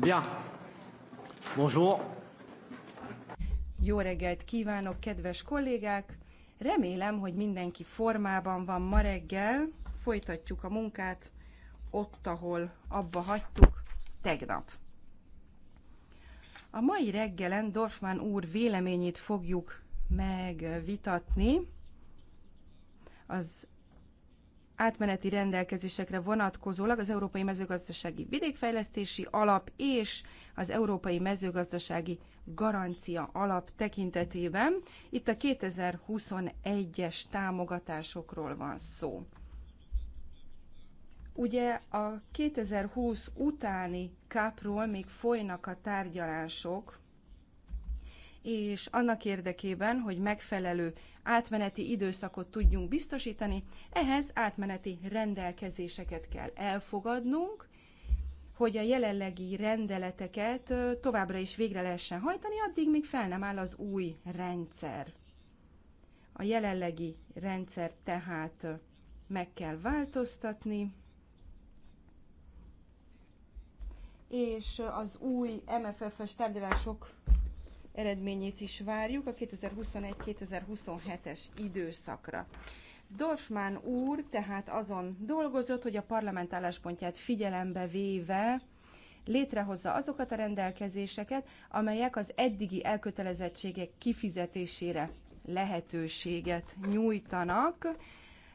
Bien. Bonjour. Jó reggelt kívánok, kedves kollégák! Remélem, hogy mindenki formában van ma reggel. Folytatjuk a munkát ott, ahol abba hagytuk tegnap. A mai reggelen Dorfman úr véleményét fogjuk megvitatni az átmeneti rendelkezésekre vonatkozólag az Európai Mezőgazdasági Vidékfejlesztési Alap és az Európai Mezőgazdasági Garancia Alap tekintetében. Itt a 2021-es támogatásokról van szó. Ugye a 2020 utáni kápról még folynak a tárgyalások, és annak érdekében, hogy megfelelő átmeneti időszakot tudjunk biztosítani, ehhez átmeneti rendelkezéseket kell elfogadnunk, hogy a jelenlegi rendeleteket továbbra is végre lehessen hajtani, addig, míg fel nem áll az új rendszer. A jelenlegi rendszer tehát meg kell változtatni, és az új MFF-es tárgyalások eredményét is várjuk a 2021-2027-es időszakra. Dorfmann úr tehát azon dolgozott, hogy a parlament álláspontját figyelembe véve létrehozza azokat a rendelkezéseket, amelyek az eddigi elkötelezettségek kifizetésére lehetőséget nyújtanak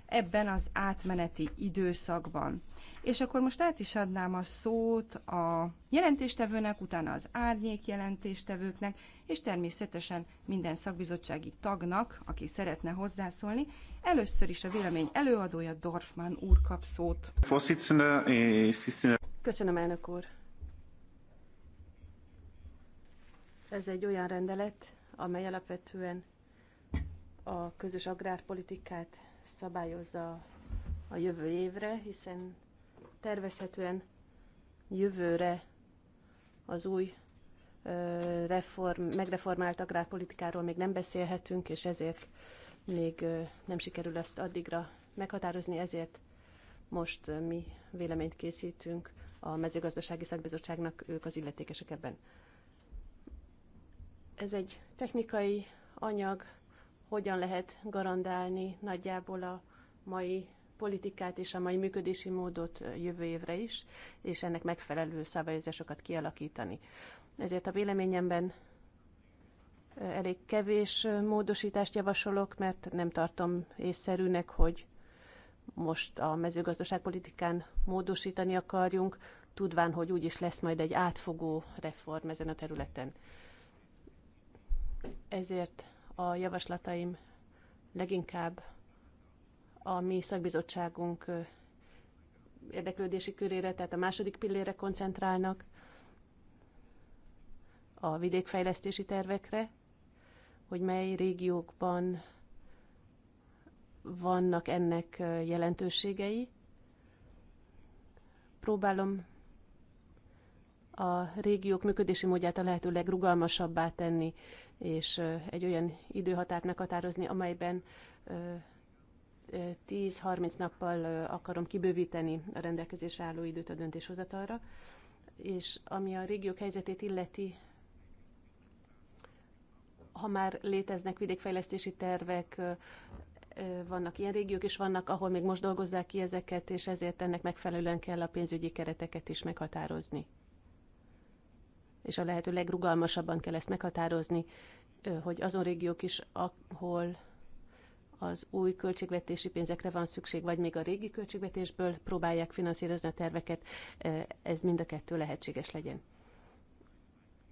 ebben az átmeneti időszakban. És akkor most át is adnám a szót a jelentéstevőnek, utána az árnyék jelentéstevőknek, és természetesen minden szakbizottsági tagnak, aki szeretne hozzászólni. Először is a vélemény előadója Dorfman úr kap szót. Eh, Köszönöm, elnök úr. Ez egy olyan rendelet, amely alapvetően a közös agrárpolitikát szabályozza a jövő évre, hiszen tervezhetően jövőre az új reform, megreformált agrárpolitikáról még nem beszélhetünk, és ezért még nem sikerül ezt addigra meghatározni, ezért most mi véleményt készítünk a mezőgazdasági szakbizottságnak, ők az illetékesek ebben. Ez egy technikai anyag, hogyan lehet garandálni nagyjából a mai politikát és a mai működési módot jövő évre is, és ennek megfelelő szabályozásokat kialakítani. Ezért a véleményemben elég kevés módosítást javasolok, mert nem tartom észszerűnek, hogy most a mezőgazdaságpolitikán módosítani akarjunk, tudván, hogy úgyis lesz majd egy átfogó reform ezen a területen. Ezért a javaslataim leginkább a mi szakbizottságunk érdeklődési körére, tehát a második pillére koncentrálnak, a vidékfejlesztési tervekre, hogy mely régiókban vannak ennek jelentőségei. Próbálom a régiók működési módját a lehető legrugalmasabbá tenni, és egy olyan időhatárt meghatározni, amelyben 10-30 nappal akarom kibővíteni a rendelkezésre álló időt a döntéshozatalra, és ami a régiók helyzetét illeti, ha már léteznek vidékfejlesztési tervek, vannak ilyen régiók, és vannak, ahol még most dolgozzák ki ezeket, és ezért ennek megfelelően kell a pénzügyi kereteket is meghatározni és a lehető legrugalmasabban kell ezt meghatározni, hogy azon régiók is, ahol az új költségvetési pénzekre van szükség, vagy még a régi költségvetésből próbálják finanszírozni a terveket, ez mind a kettő lehetséges legyen.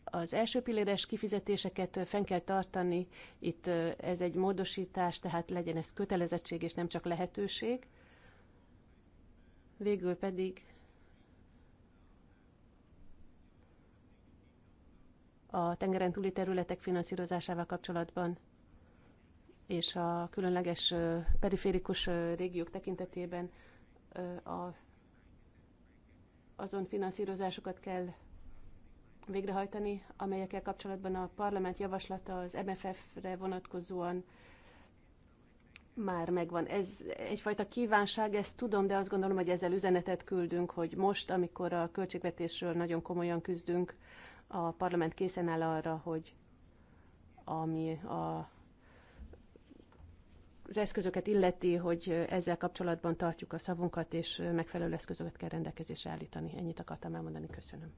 Az első pilléres kifizetéseket fenn kell tartani, itt ez egy módosítás, tehát legyen ez kötelezettség és nem csak lehetőség. Végül pedig a tengeren túli területek finanszírozásával kapcsolatban és a különleges periférikus régiók tekintetében a, azon finanszírozásokat kell végrehajtani, amelyekkel kapcsolatban a parlament javaslata az MFF-re vonatkozóan már megvan. Ez egyfajta kívánság, ezt tudom, de azt gondolom, hogy ezzel üzenetet küldünk, hogy most, amikor a költségvetésről nagyon komolyan küzdünk, a parlament készen áll arra, hogy ami a, az eszközöket illeti, hogy ezzel kapcsolatban tartjuk a szavunkat, és megfelelő eszközöket kell rendelkezésre állítani. Ennyit akartam elmondani. Köszönöm.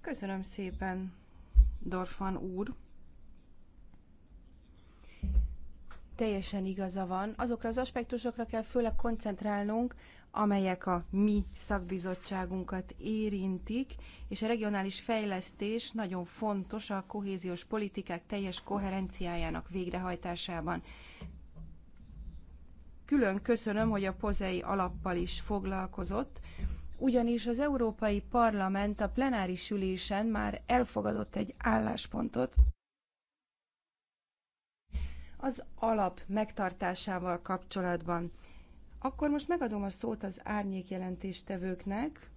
Köszönöm szépen, Dorfan úr. teljesen igaza van. Azokra az aspektusokra kell főleg koncentrálnunk, amelyek a mi szakbizottságunkat érintik, és a regionális fejlesztés nagyon fontos a kohéziós politikák teljes koherenciájának végrehajtásában. Külön köszönöm, hogy a pozei alappal is foglalkozott, ugyanis az Európai Parlament a plenáris ülésen már elfogadott egy álláspontot, az alap megtartásával kapcsolatban. Akkor most megadom a szót az árnyék jelentéstevőknek.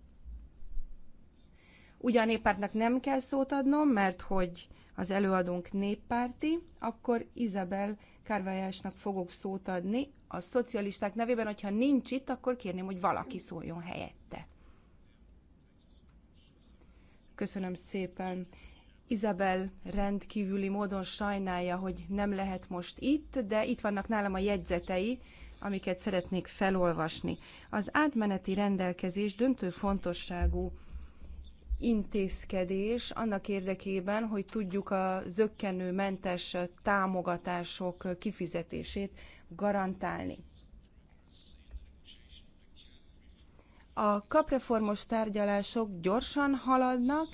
a néppártnak nem kell szót adnom, mert hogy az előadónk néppárti, akkor Izabel Kárvályásnak fogok szót adni a szocialisták nevében, hogyha nincs itt, akkor kérném, hogy valaki szóljon helyette. Köszönöm szépen. Izabel rendkívüli módon sajnálja, hogy nem lehet most itt, de itt vannak nálam a jegyzetei, amiket szeretnék felolvasni. Az átmeneti rendelkezés döntő fontosságú intézkedés annak érdekében, hogy tudjuk a zöggenőmentes támogatások kifizetését garantálni. A kapreformos tárgyalások gyorsan haladnak,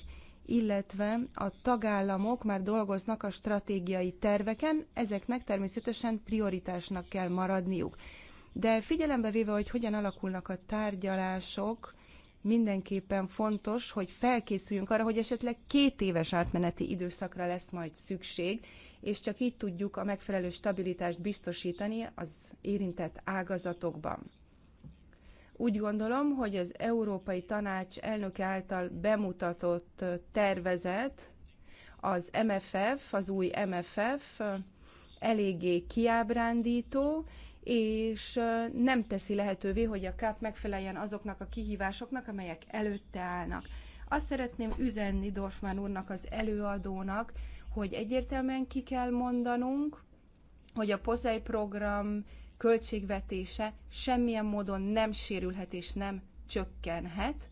illetve a tagállamok már dolgoznak a stratégiai terveken, ezeknek természetesen prioritásnak kell maradniuk. De figyelembe véve, hogy hogyan alakulnak a tárgyalások, mindenképpen fontos, hogy felkészüljünk arra, hogy esetleg két éves átmeneti időszakra lesz majd szükség, és csak így tudjuk a megfelelő stabilitást biztosítani az érintett ágazatokban. Úgy gondolom, hogy az Európai Tanács elnöke által bemutatott tervezet, az MFF, az új MFF eléggé kiábrándító, és nem teszi lehetővé, hogy a KAP megfeleljen azoknak a kihívásoknak, amelyek előtte állnak. Azt szeretném üzenni Dorfman úrnak, az előadónak, hogy egyértelműen ki kell mondanunk, hogy a POSEI program költségvetése semmilyen módon nem sérülhet és nem csökkenhet.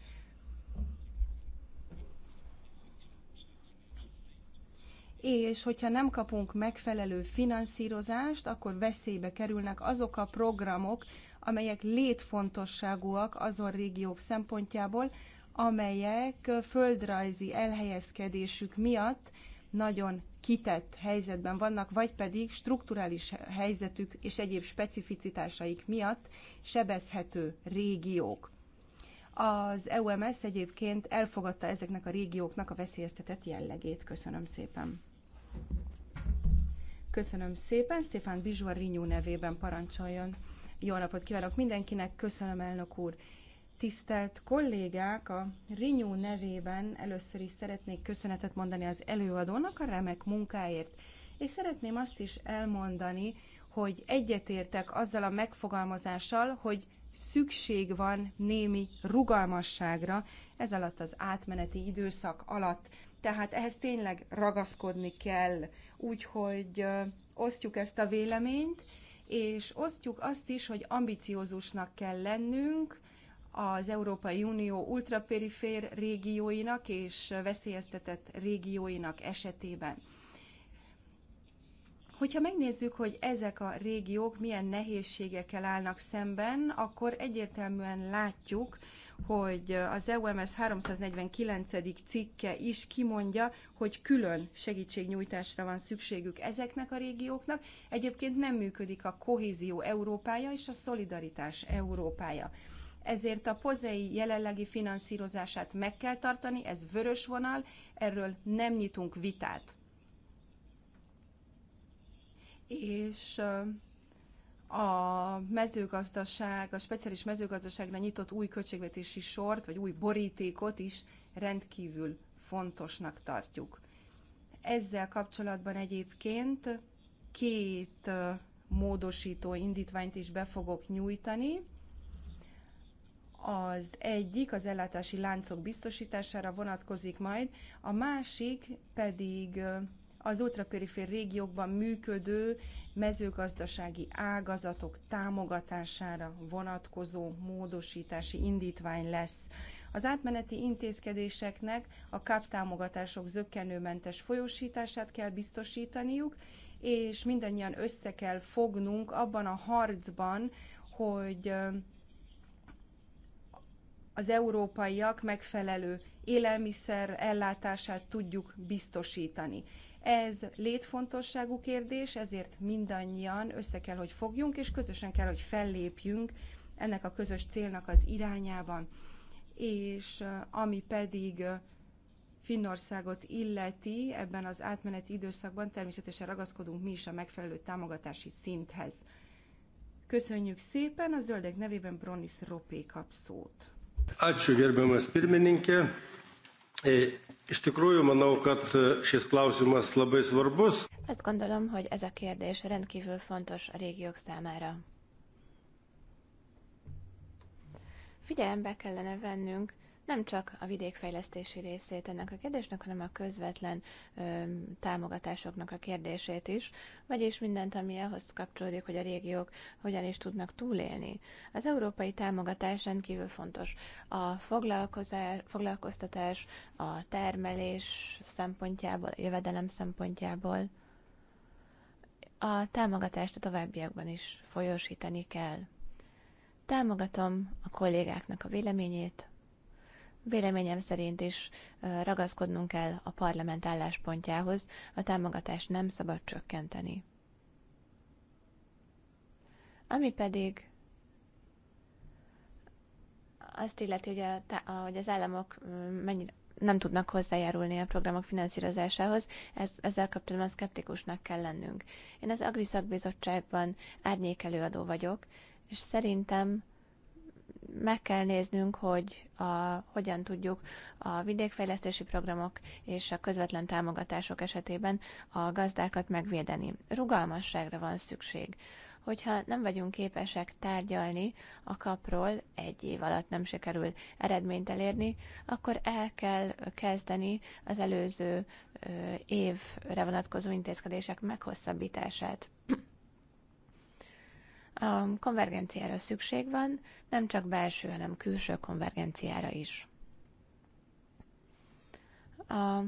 és hogyha nem kapunk megfelelő finanszírozást, akkor veszélybe kerülnek azok a programok, amelyek létfontosságúak azon régiók szempontjából, amelyek földrajzi elhelyezkedésük miatt nagyon kitett helyzetben vannak, vagy pedig strukturális helyzetük és egyéb specificitásaik miatt sebezhető régiók. Az EUMS egyébként elfogadta ezeknek a régióknak a veszélyeztetett jellegét. Köszönöm szépen. Köszönöm szépen. Stefan Bizsuar Rinyú nevében parancsoljon. Jó napot kívánok mindenkinek. Köszönöm, elnök úr. Tisztelt kollégák, a Rinyó nevében először is szeretnék köszönetet mondani az előadónak a remek munkáért, és szeretném azt is elmondani, hogy egyetértek azzal a megfogalmazással, hogy szükség van némi rugalmasságra ez alatt az átmeneti időszak alatt. Tehát ehhez tényleg ragaszkodni kell, úgyhogy osztjuk ezt a véleményt, és osztjuk azt is, hogy ambiciózusnak kell lennünk, az Európai Unió ultraperifér régióinak és veszélyeztetett régióinak esetében. Hogyha megnézzük, hogy ezek a régiók milyen nehézségekkel állnak szemben, akkor egyértelműen látjuk, hogy az EUMS 349. cikke is kimondja, hogy külön segítségnyújtásra van szükségük ezeknek a régióknak. Egyébként nem működik a kohézió Európája és a szolidaritás Európája ezért a pozei jelenlegi finanszírozását meg kell tartani, ez vörös vonal, erről nem nyitunk vitát. És a mezőgazdaság, a speciális mezőgazdaságra nyitott új költségvetési sort, vagy új borítékot is rendkívül fontosnak tartjuk. Ezzel kapcsolatban egyébként két módosító indítványt is be fogok nyújtani. Az egyik az ellátási láncok biztosítására vonatkozik majd, a másik pedig az ultraperifér régiókban működő mezőgazdasági ágazatok támogatására vonatkozó módosítási indítvány lesz. Az átmeneti intézkedéseknek a KAP támogatások zöggenőmentes folyósítását kell biztosítaniuk, és mindannyian össze kell fognunk abban a harcban, hogy az európaiak megfelelő élelmiszer ellátását tudjuk biztosítani. Ez létfontosságú kérdés, ezért mindannyian össze kell, hogy fogjunk, és közösen kell, hogy fellépjünk ennek a közös célnak az irányában. És ami pedig Finnországot illeti, ebben az átmeneti időszakban természetesen ragaszkodunk mi is a megfelelő támogatási szinthez. Köszönjük szépen, a zöldek nevében Bronis Ropé kap szót. Ačiū gerbiamas pirmininkė. E, iš tikrųjų, manau, kad e, šis klausimas labai svarbus. Azt gondolom, hogy ez a kérdés rendkívül fontos a régiók számára. Figyelembe kellene vennünk nem csak a vidékfejlesztési részét ennek a kérdésnek, hanem a közvetlen ö, támogatásoknak a kérdését is, vagyis mindent, ami ahhoz kapcsolódik, hogy a régiók hogyan is tudnak túlélni. Az európai támogatás rendkívül fontos. A foglalkoztatás, a termelés szempontjából, a jövedelem szempontjából a támogatást a továbbiakban is folyósítani kell. Támogatom a kollégáknak a véleményét, véleményem szerint is ragaszkodnunk kell a parlament álláspontjához, a támogatást nem szabad csökkenteni. Ami pedig azt illeti, hogy, a, hogy az államok mennyire nem tudnak hozzájárulni a programok finanszírozásához, ez, ezzel kapcsolatban szkeptikusnak kell lennünk. Én az Agri Szakbizottságban árnyékelőadó vagyok, és szerintem meg kell néznünk, hogy a, hogyan tudjuk a vidékfejlesztési programok és a közvetlen támogatások esetében a gazdákat megvédeni. Rugalmasságra van szükség. Hogyha nem vagyunk képesek tárgyalni a kapról, egy év alatt nem sikerül eredményt elérni, akkor el kell kezdeni az előző évre vonatkozó intézkedések meghosszabbítását. A konvergenciára szükség van, nem csak belső, hanem külső konvergenciára is. A,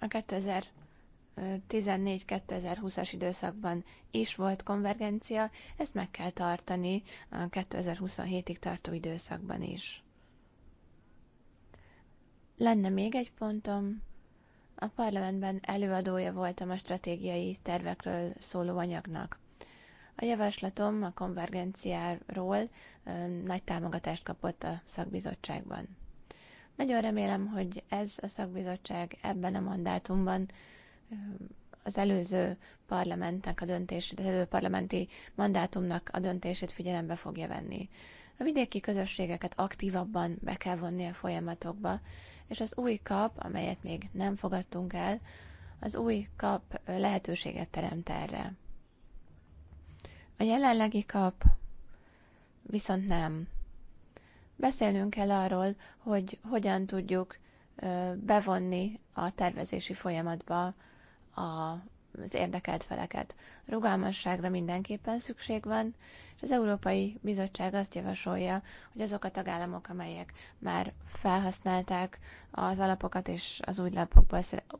2014-2020-as időszakban is volt konvergencia, ezt meg kell tartani a 2027-ig tartó időszakban is. Lenne még egy pontom. A parlamentben előadója voltam a stratégiai tervekről szóló anyagnak. A javaslatom a konvergenciáról nagy támogatást kapott a szakbizottságban. Nagyon remélem, hogy ez a szakbizottság ebben a mandátumban az előző parlamentnek a döntését, az előző parlamenti mandátumnak a döntését figyelembe fogja venni. A vidéki közösségeket aktívabban be kell vonni a folyamatokba, és az új kap, amelyet még nem fogadtunk el, az új kap lehetőséget teremt erre. A jelenlegi kap viszont nem. Beszélnünk kell arról, hogy hogyan tudjuk bevonni a tervezési folyamatba a az érdekelt feleket. Rugalmasságra mindenképpen szükség van, és az Európai Bizottság azt javasolja, hogy azok a tagállamok, amelyek már felhasználták az alapokat, és az új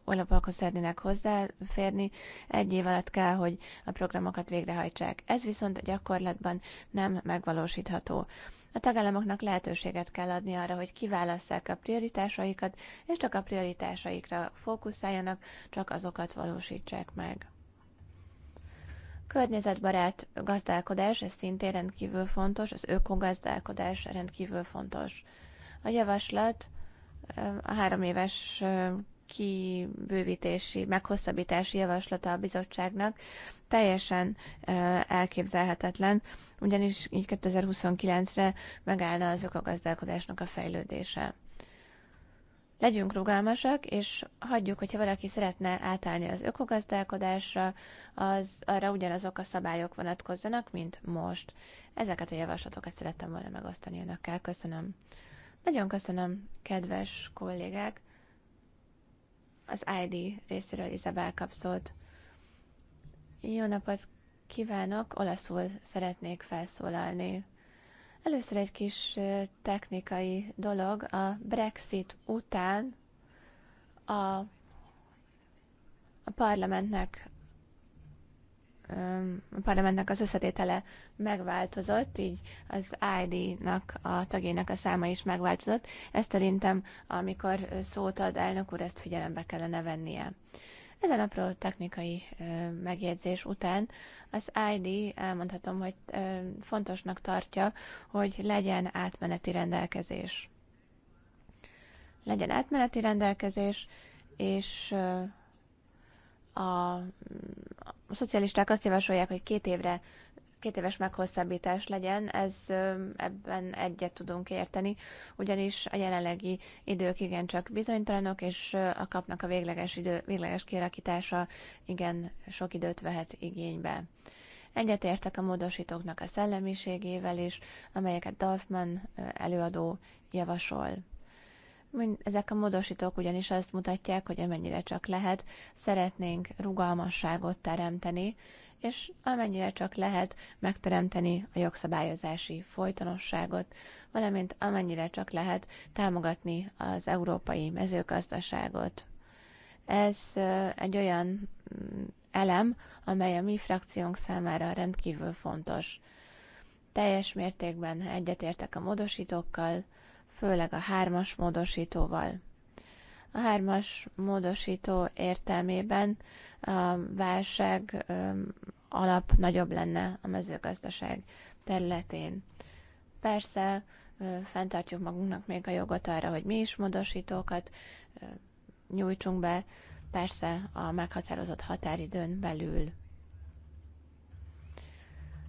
alapokhoz szeretnének hozzáférni, egy év alatt kell, hogy a programokat végrehajtsák. Ez viszont a gyakorlatban nem megvalósítható. A tagállamoknak lehetőséget kell adni arra, hogy kiválasszák a prioritásaikat, és csak a prioritásaikra fókuszáljanak, csak azokat valósítsák meg. Környezetbarát gazdálkodás, ez szintén rendkívül fontos, az ökogazdálkodás rendkívül fontos. A javaslat a három éves kibővítési, meghosszabbítási javaslata a bizottságnak teljesen elképzelhetetlen, ugyanis így 2029-re megállna azok a gazdálkodásnak a fejlődése. Legyünk rugalmasak, és hagyjuk, hogyha valaki szeretne átállni az ökogazdálkodásra, az arra ugyanazok a szabályok vonatkozzanak, mint most. Ezeket a javaslatokat szerettem volna megosztani önökkel. Köszönöm. Nagyon köszönöm, kedves kollégák! az ID részéről Izabel kapszolt. Jó napot kívánok, olaszul szeretnék felszólalni. Először egy kis technikai dolog. A Brexit után a, a parlamentnek a parlamentnek az összetétele megváltozott, így az ID-nak, a tagjainak a száma is megváltozott. Ezt szerintem, amikor szót ad elnök úr, ezt figyelembe kellene vennie. Ezen apró technikai megjegyzés után az ID elmondhatom, hogy fontosnak tartja, hogy legyen átmeneti rendelkezés. Legyen átmeneti rendelkezés, és a, a szocialisták azt javasolják, hogy két évre két éves meghosszabbítás legyen, ez ebben egyet tudunk érteni, ugyanis a jelenlegi idők igencsak bizonytalanok, és a kapnak a végleges, idő, végleges kialakítása igen sok időt vehet igénybe. Egyetértek a módosítóknak a szellemiségével is, amelyeket Dorfman előadó javasol. Ezek a módosítók ugyanis azt mutatják, hogy amennyire csak lehet, szeretnénk rugalmasságot teremteni, és amennyire csak lehet megteremteni a jogszabályozási folytonosságot, valamint amennyire csak lehet támogatni az európai mezőgazdaságot. Ez egy olyan mm, elem, amely a mi frakciónk számára rendkívül fontos. Teljes mértékben egyetértek a módosítókkal, főleg a hármas módosítóval. A hármas módosító értelmében a válság alap nagyobb lenne a mezőgazdaság területén. Persze fenntartjuk magunknak még a jogot arra, hogy mi is módosítókat nyújtsunk be, persze a meghatározott határidőn belül.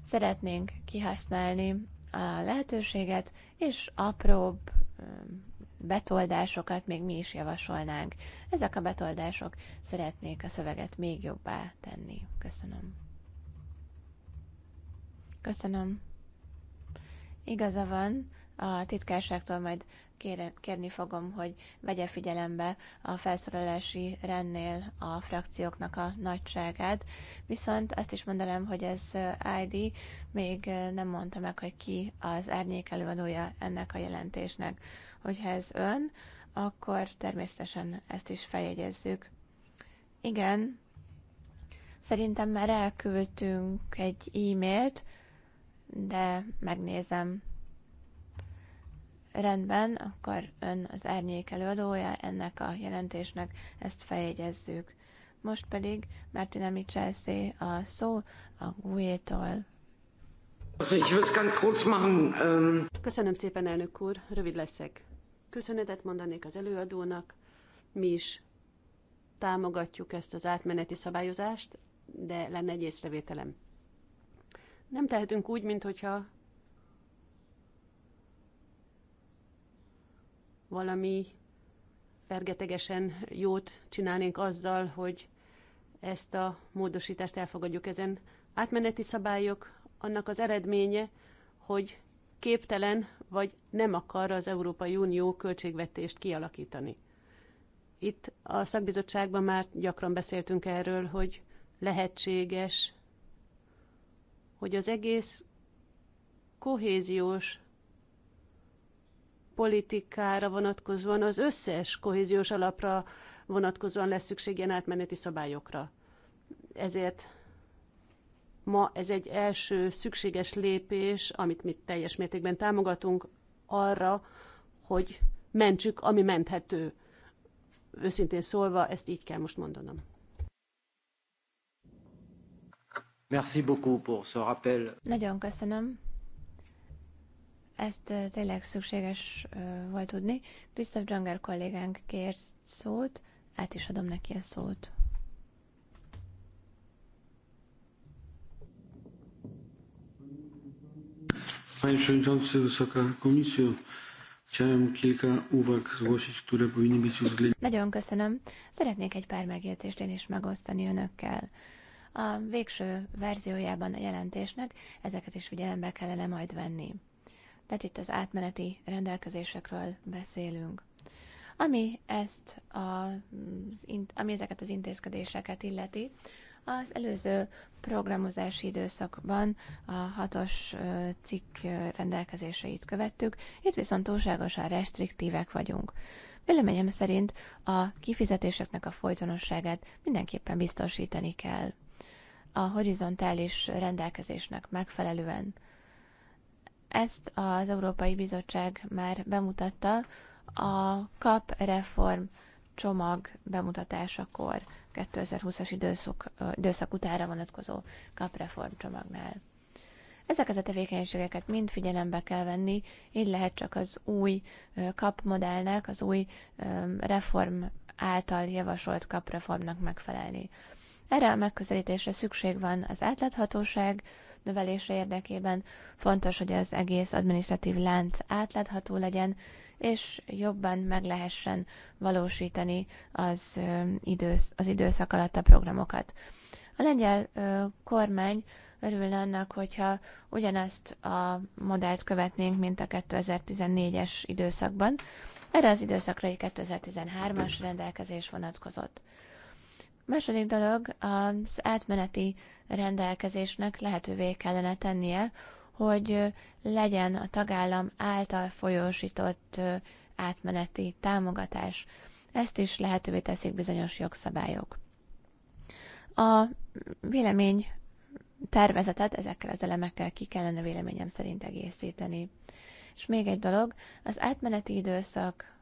Szeretnénk kihasználni a lehetőséget, és apróbb betoldásokat még mi is javasolnánk. Ezek a betoldások szeretnék a szöveget még jobbá tenni. Köszönöm. Köszönöm. Igaza van, a titkárságtól majd kérni fogom, hogy vegye figyelembe a felszorolási rendnél a frakcióknak a nagyságát. Viszont azt is mondanám, hogy ez eh, ID még eh, nem mondta meg, hogy ki az árnyék előadója ennek a jelentésnek. Hogyha ez ön, akkor természetesen ezt is feljegyezzük. Igen, szerintem már elküldtünk egy e-mailt, de megnézem Rendben, akkor ön az árnyék előadója ennek a jelentésnek, ezt feljegyezzük. Most pedig Martina Michelszé a szó a Gújétól. Ähm, Köszönöm szépen, elnök úr, rövid leszek. Köszönetet mondanék az előadónak, mi is támogatjuk ezt az átmeneti szabályozást, de lenne egy észrevételem. Nem tehetünk úgy, mintha valami fergetegesen jót csinálnénk azzal, hogy ezt a módosítást elfogadjuk. Ezen átmeneti szabályok annak az eredménye, hogy képtelen vagy nem akar az Európai Unió költségvetést kialakítani. Itt a szakbizottságban már gyakran beszéltünk erről, hogy lehetséges, hogy az egész kohéziós politikára vonatkozóan, az összes kohéziós alapra vonatkozóan lesz szükség ilyen átmeneti szabályokra. Ezért ma ez egy első szükséges lépés, amit mi teljes mértékben támogatunk arra, hogy mentsük, ami menthető. Őszintén szólva, ezt így kell most mondanom. Merci beaucoup pour ce rappel. Nagyon köszönöm ezt tényleg szükséges volt tudni. Krisztof Dzsanger kollégánk kért szót, át is adom neki a szót. Panie Przewodniczący, Wysoka Komisjo, chciałem kilka uwag zgłosić, które powinny być uwzględnione. Nagyon köszönöm. Szeretnék egy pár megjegyzést én is megosztani önökkel. A végső verziójában a jelentésnek ezeket is figyelembe kellene majd venni tehát itt az átmeneti rendelkezésekről beszélünk. Ami, ezt a, ami ezeket az intézkedéseket illeti, az előző programozási időszakban a hatos cikk rendelkezéseit követtük, itt viszont túlságosan restriktívek vagyunk. Véleményem szerint a kifizetéseknek a folytonosságát mindenképpen biztosítani kell. A horizontális rendelkezésnek megfelelően ezt az Európai Bizottság már bemutatta a KAP reform csomag bemutatásakor, 2020-as időszak, időszak utára vonatkozó KAP reform csomagnál. Ezeket a tevékenységeket mind figyelembe kell venni, így lehet csak az új KAP modellnek, az új reform által javasolt reformnak megfelelni. Erre a megközelítésre szükség van az átláthatóság, növelése érdekében fontos, hogy az egész administratív lánc átlátható legyen, és jobban meg lehessen valósítani az, idősz, az időszak alatt a programokat. A lengyel kormány örülne annak, hogyha ugyanazt a modellt követnénk, mint a 2014-es időszakban. Erre az időszakra egy 2013-as rendelkezés vonatkozott. Második dolog, az átmeneti rendelkezésnek lehetővé kellene tennie, hogy legyen a tagállam által folyósított átmeneti támogatás. Ezt is lehetővé teszik bizonyos jogszabályok. A vélemény tervezetet ezekkel az elemekkel ki kellene véleményem szerint egészíteni. És még egy dolog, az átmeneti időszak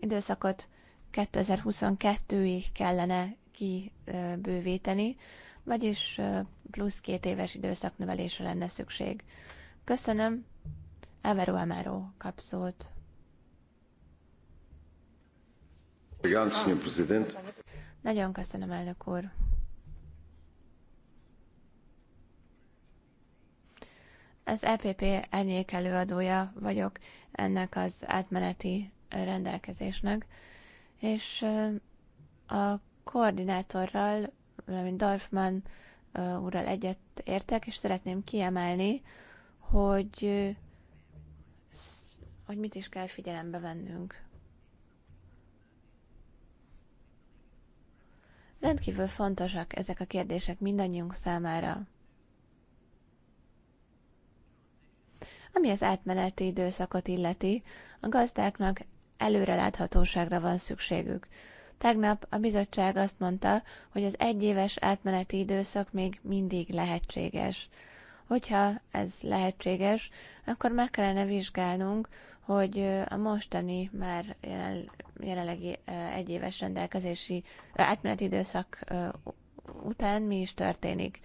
időszakot 2022-ig kellene kibővíteni, vagyis plusz két éves időszaknövelésre lenne szükség. Köszönöm, Everu Amaro kapszót. Nagyon köszönöm, elnök úr. Az EPP elnyék előadója vagyok ennek az átmeneti rendelkezésnek és a koordinátorral, valamint Dorfman úrral egyet értek, és szeretném kiemelni, hogy, hogy mit is kell figyelembe vennünk. Rendkívül fontosak ezek a kérdések mindannyiunk számára. Ami az átmeneti időszakot illeti, a gazdáknak előreláthatóságra van szükségük. Tegnap a bizottság azt mondta, hogy az egyéves átmeneti időszak még mindig lehetséges. Hogyha ez lehetséges, akkor meg kellene vizsgálnunk, hogy a mostani már jelen, jelenlegi egyéves rendelkezési átmeneti időszak után mi is történik.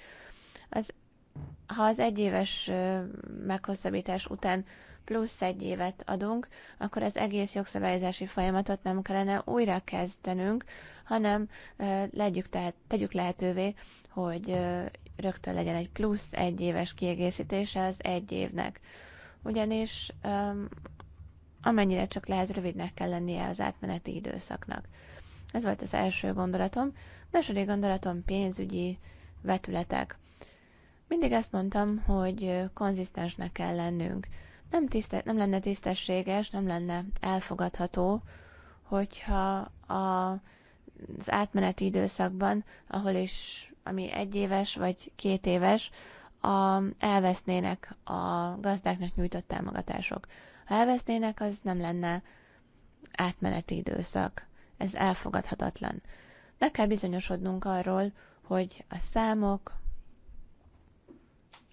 Az, ha az egyéves meghosszabbítás után plusz egy évet adunk, akkor az egész jogszabályozási folyamatot nem kellene újra kezdenünk, hanem legyük tehát, tegyük lehetővé, hogy rögtön legyen egy plusz egy éves kiegészítése az egy évnek. Ugyanis amennyire csak lehet rövidnek kell lennie az átmeneti időszaknak. Ez volt az első gondolatom. Második gondolatom pénzügyi vetületek. Mindig azt mondtam, hogy konzisztensnek kell lennünk nem, tiszte, nem lenne tisztességes, nem lenne elfogadható, hogyha a, az átmeneti időszakban, ahol is, ami egy éves vagy két éves, a, elvesznének a gazdáknak nyújtott támogatások. Ha elvesznének, az nem lenne átmeneti időszak. Ez elfogadhatatlan. Meg kell bizonyosodnunk arról, hogy a számok,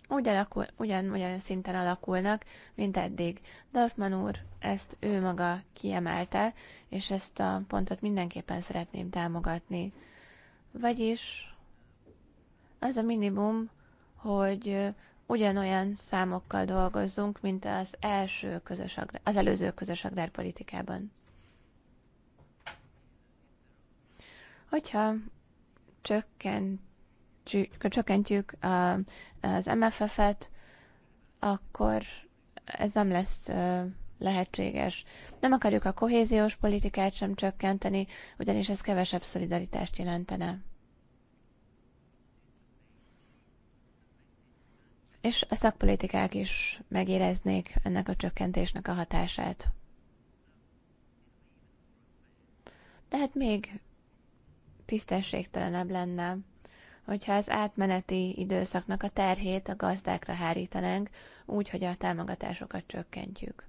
úgy alakul, ugyan, ugyan szinten alakulnak, mint eddig. Dorfman úr ezt ő maga kiemelte, és ezt a pontot mindenképpen szeretném támogatni. Vagyis az a minimum, hogy ugyanolyan számokkal dolgozzunk, mint az első közös agrár, az előző közös agrárpolitikában. Hogyha csökkent csökkentjük a, az MFF-et, akkor ez nem lesz lehetséges. Nem akarjuk a kohéziós politikát sem csökkenteni, ugyanis ez kevesebb szolidaritást jelentene. És a szakpolitikák is megéreznék ennek a csökkentésnek a hatását. Tehát még tisztességtelenebb lenne hogyha az átmeneti időszaknak a terhét a gazdákra hárítanánk, úgy, hogy a támogatásokat csökkentjük.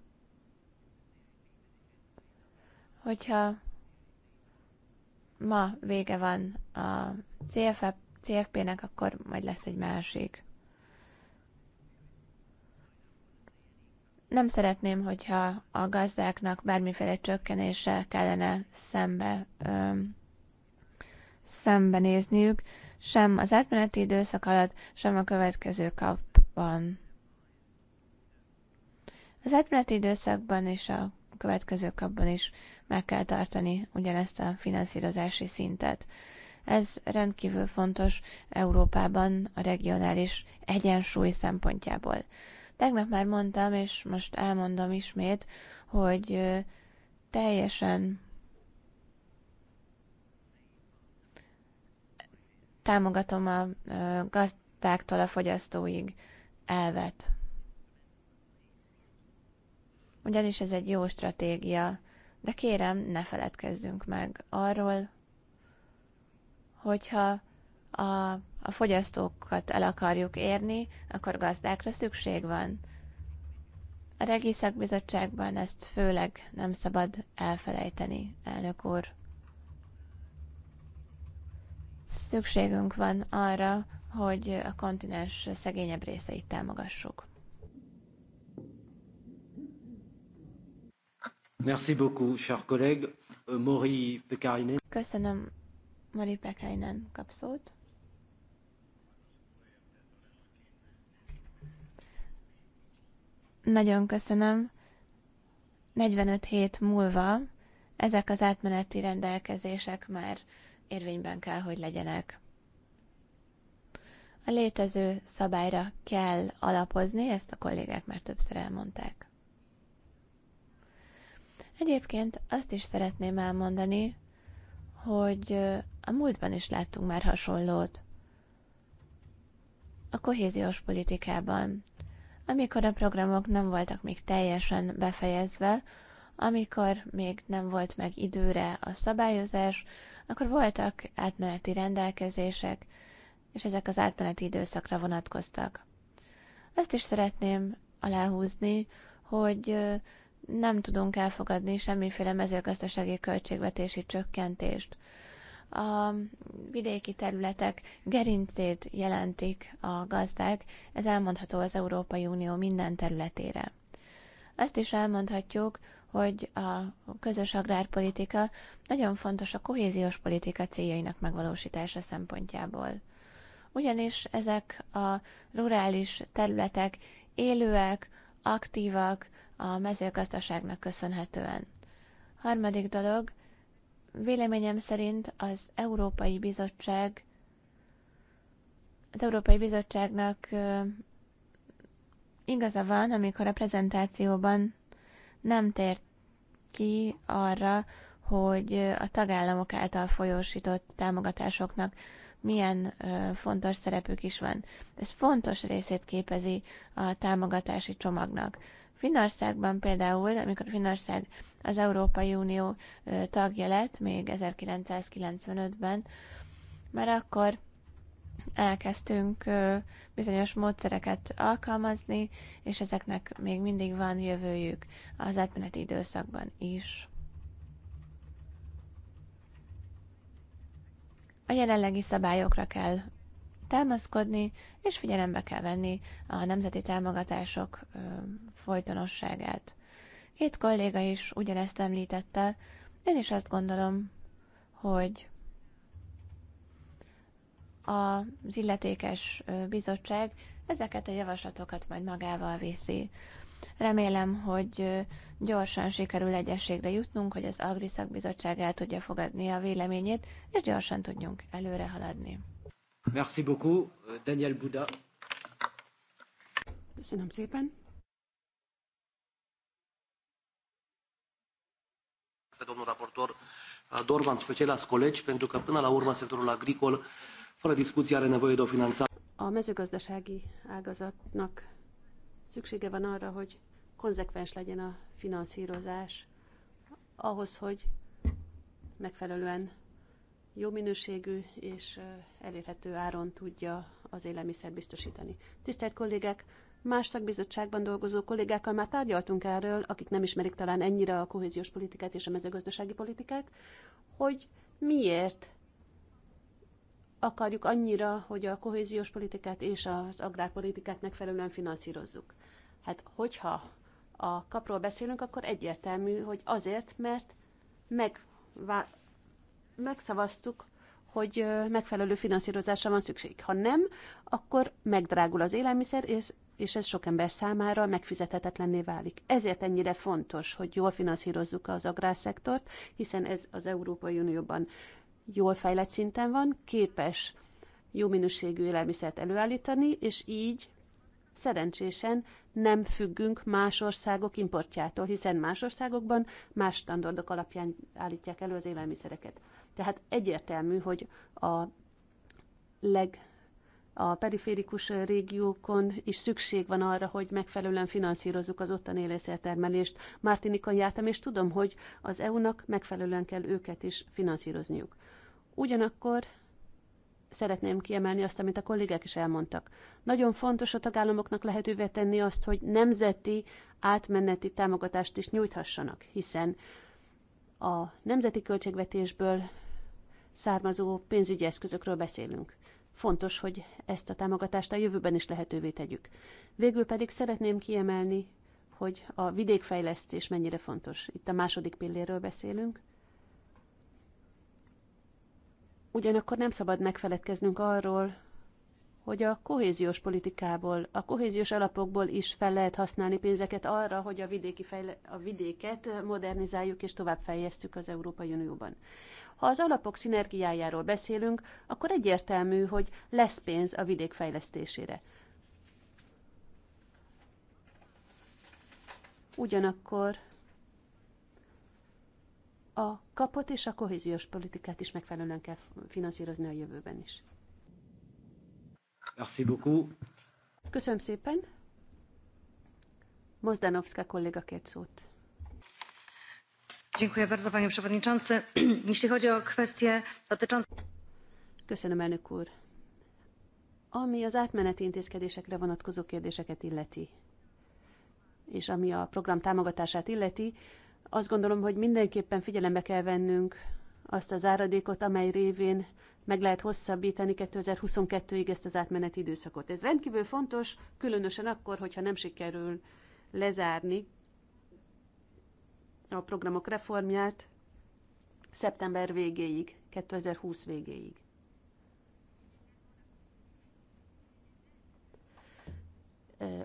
Hogyha ma vége van a CFP, CFP-nek, akkor majd lesz egy másik. nem szeretném, hogyha a gazdáknak bármiféle csökkenéssel kellene szembe, ö, szembenézniük sem az átmeneti időszak alatt, sem a következő kapban. Az átmeneti időszakban és a következő kapban is meg kell tartani ugyanezt a finanszírozási szintet. Ez rendkívül fontos Európában a regionális egyensúly szempontjából. Tegnap már mondtam, és most elmondom ismét, hogy teljesen Támogatom a gazdáktól a fogyasztóig elvet. Ugyanis ez egy jó stratégia, de kérem, ne feledkezzünk meg arról, hogyha a, a fogyasztókat el akarjuk érni, akkor gazdákra szükség van. A regiszakbizottságban ezt főleg nem szabad elfelejteni, elnök úr. Szükségünk van arra, hogy a kontinens szegényebb részeit támogassuk. Merci beaucoup, cher collègue. Euh, Mori Pekarinen. Köszönöm, Mori Pekarinen kapszót. Nagyon köszönöm. 45 hét múlva ezek az átmeneti rendelkezések már érvényben kell, hogy legyenek. A létező szabályra kell alapozni, ezt a kollégák már többször elmondták. Egyébként azt is szeretném elmondani, hogy a múltban is láttunk már hasonlót. A kohéziós politikában. Amikor a programok nem voltak még teljesen befejezve, amikor még nem volt meg időre a szabályozás, akkor voltak átmeneti rendelkezések, és ezek az átmeneti időszakra vonatkoztak. Ezt is szeretném aláhúzni, hogy nem tudunk elfogadni semmiféle mezőgazdasági költségvetési csökkentést. A vidéki területek gerincét jelentik a gazdák, ez elmondható az Európai Unió minden területére. Ezt is elmondhatjuk, hogy a közös agrárpolitika nagyon fontos a kohéziós politika céljainak megvalósítása szempontjából. Ugyanis ezek a rurális területek élőek, aktívak a mezőgazdaságnak köszönhetően. Harmadik dolog, véleményem szerint az Európai Bizottság az Európai Bizottságnak igaza van, amikor a prezentációban nem tért ki arra, hogy a tagállamok által folyósított támogatásoknak milyen fontos szerepük is van. Ez fontos részét képezi a támogatási csomagnak. Finnországban például, amikor Finnország az Európai Unió tagja lett, még 1995-ben, már akkor elkezdtünk bizonyos módszereket alkalmazni, és ezeknek még mindig van jövőjük az átmeneti időszakban is. A jelenlegi szabályokra kell támaszkodni, és figyelembe kell venni a nemzeti támogatások folytonosságát. Két kolléga is ugyanezt említette, én is azt gondolom, hogy az illetékes bizottság ezeket a javaslatokat majd magával viszi. Remélem, hogy gyorsan sikerül egyességre jutnunk, hogy az Agri Szakbizottság el tudja fogadni a véleményét, és gyorsan tudjunk előre haladni. Merci beaucoup, Daniel Buda. Köszönöm szépen. Domnul raportor Dorman, special colegi, pentru că până la urmă sectorul agricol fără discuții are nevoie de o finanțare. A mezőgazdasági ágazatnak szüksége van arra, hogy konzekvens legyen a finanszírozás ahhoz, hogy megfelelően jó minőségű és elérhető áron tudja az élelmiszer biztosítani. Tisztelt kollégák, más szakbizottságban dolgozó kollégákkal már tárgyaltunk erről, akik nem ismerik talán ennyire a kohéziós politikát és a mezőgazdasági politikát, hogy miért akarjuk annyira, hogy a kohéziós politikát és az agrárpolitikát megfelelően finanszírozzuk. Hát hogyha a kapról beszélünk, akkor egyértelmű, hogy azért, mert meg, megszavaztuk, hogy megfelelő finanszírozásra van szükség. Ha nem, akkor megdrágul az élelmiszer, és, és ez sok ember számára megfizethetetlenné válik. Ezért ennyire fontos, hogy jól finanszírozzuk az agrárszektort, hiszen ez az Európai Unióban jól fejlett szinten van, képes jó minőségű élelmiszert előállítani, és így szerencsésen nem függünk más országok importjától, hiszen más országokban más standardok alapján állítják elő az élelmiszereket. Tehát egyértelmű, hogy a leg a periférikus régiókon is szükség van arra, hogy megfelelően finanszírozzuk az ottani élelmiszertermelést. Mártinikon jártam, és tudom, hogy az EU-nak megfelelően kell őket is finanszírozniuk. Ugyanakkor szeretném kiemelni azt, amit a kollégák is elmondtak. Nagyon fontos a tagállamoknak lehetővé tenni azt, hogy nemzeti átmeneti támogatást is nyújthassanak, hiszen a nemzeti költségvetésből származó pénzügyi eszközökről beszélünk. Fontos, hogy ezt a támogatást a jövőben is lehetővé tegyük. Végül pedig szeretném kiemelni, hogy a vidékfejlesztés mennyire fontos. Itt a második pilléről beszélünk. Ugyanakkor nem szabad megfeledkeznünk arról, hogy a kohéziós politikából, a kohéziós alapokból is fel lehet használni pénzeket arra, hogy a, vidéki fejle- a vidéket modernizáljuk és tovább fejlesztjük az Európai Unióban. Ha az alapok szinergiájáról beszélünk, akkor egyértelmű, hogy lesz pénz a vidék fejlesztésére. Ugyanakkor a kapot és a kohéziós politikát is megfelelően kell finanszírozni a jövőben is. Merci beaucoup. Köszönöm szépen. Mozdanovska kolléga két szót. Dziękuję bardzo, panie przewodniczący. Jeśli chodzi o kwestie dotyczące... Köszönöm, elnök úr. Ami az átmeneti intézkedésekre vonatkozó kérdéseket illeti, és ami a program támogatását illeti, azt gondolom, hogy mindenképpen figyelembe kell vennünk azt az áradékot, amely révén meg lehet hosszabbítani 2022-ig ezt az átmeneti időszakot. Ez rendkívül fontos, különösen akkor, hogyha nem sikerül lezárni a programok reformját szeptember végéig, 2020 végéig.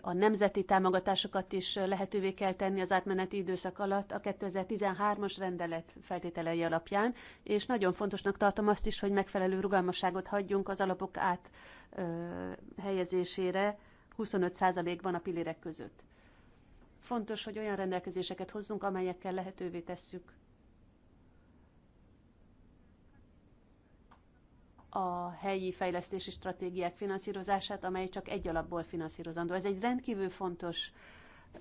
a nemzeti támogatásokat is lehetővé kell tenni az átmeneti időszak alatt a 2013-as rendelet feltételei alapján, és nagyon fontosnak tartom azt is, hogy megfelelő rugalmasságot hagyjunk az alapok át helyezésére 25%-ban a pillérek között. Fontos, hogy olyan rendelkezéseket hozzunk, amelyekkel lehetővé tesszük a helyi fejlesztési stratégiák finanszírozását, amely csak egy alapból finanszírozandó. Ez egy rendkívül fontos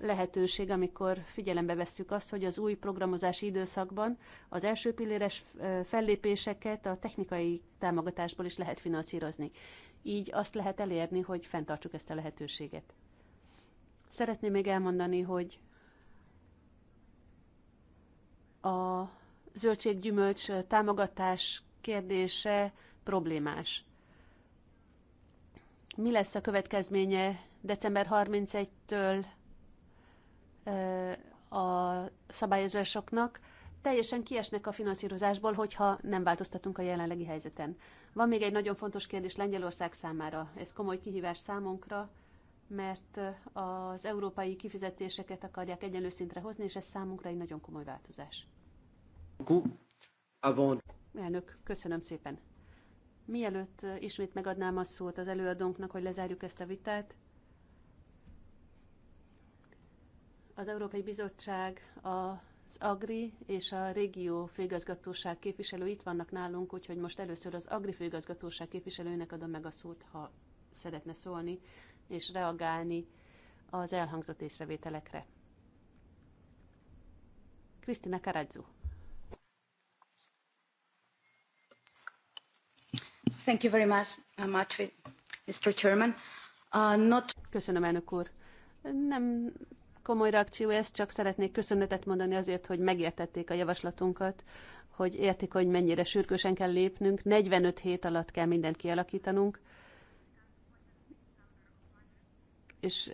lehetőség, amikor figyelembe vesszük azt, hogy az új programozási időszakban az első pilléres fellépéseket a technikai támogatásból is lehet finanszírozni. Így azt lehet elérni, hogy fenntartsuk ezt a lehetőséget. Szeretném még elmondani, hogy a zöldséggyümölcs támogatás kérdése problémás. Mi lesz a következménye december 31-től a szabályozásoknak? Teljesen kiesnek a finanszírozásból, hogyha nem változtatunk a jelenlegi helyzeten. Van még egy nagyon fontos kérdés Lengyelország számára. Ez komoly kihívás számunkra, mert az európai kifizetéseket akarják egyenlő szintre hozni, és ez számunkra egy nagyon komoly változás. Elnök, köszönöm szépen. Mielőtt ismét megadnám a szót az előadónknak, hogy lezárjuk ezt a vitát, az Európai Bizottság, az Agri és a Régió Főigazgatóság képviselő itt vannak nálunk, úgyhogy most először az Agri Főigazgatóság képviselőnek adom meg a szót, ha szeretne szólni és reagálni az elhangzott észrevételekre. Krisztina Karadzú. Thank you very much, uh, much uh, Mr. Chairman. Uh, not... Köszönöm, elnök úr. Nem komoly reakció ez, csak szeretnék köszönetet mondani azért, hogy megértették a javaslatunkat, hogy értik, hogy mennyire sürgősen kell lépnünk, 45 hét alatt kell mindent kialakítanunk, és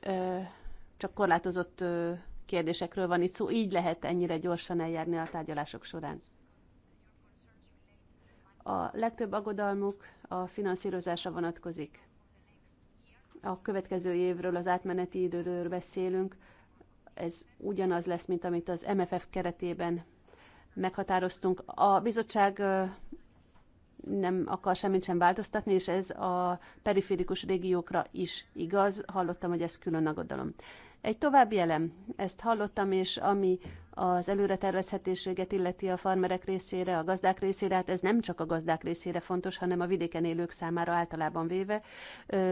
csak korlátozott kérdésekről van itt szó, így lehet ennyire gyorsan eljárni a tárgyalások során. A legtöbb aggodalmuk a finanszírozása vonatkozik. A következő évről, az átmeneti időről beszélünk. Ez ugyanaz lesz, mint amit az MFF keretében meghatároztunk. A bizottság nem akar semmit sem változtatni, és ez a periférikus régiókra is igaz. Hallottam, hogy ez külön aggodalom. Egy további elem, ezt hallottam, és ami az előre tervezhetőséget illeti a farmerek részére, a gazdák részére, hát ez nem csak a gazdák részére fontos, hanem a vidéken élők számára általában véve.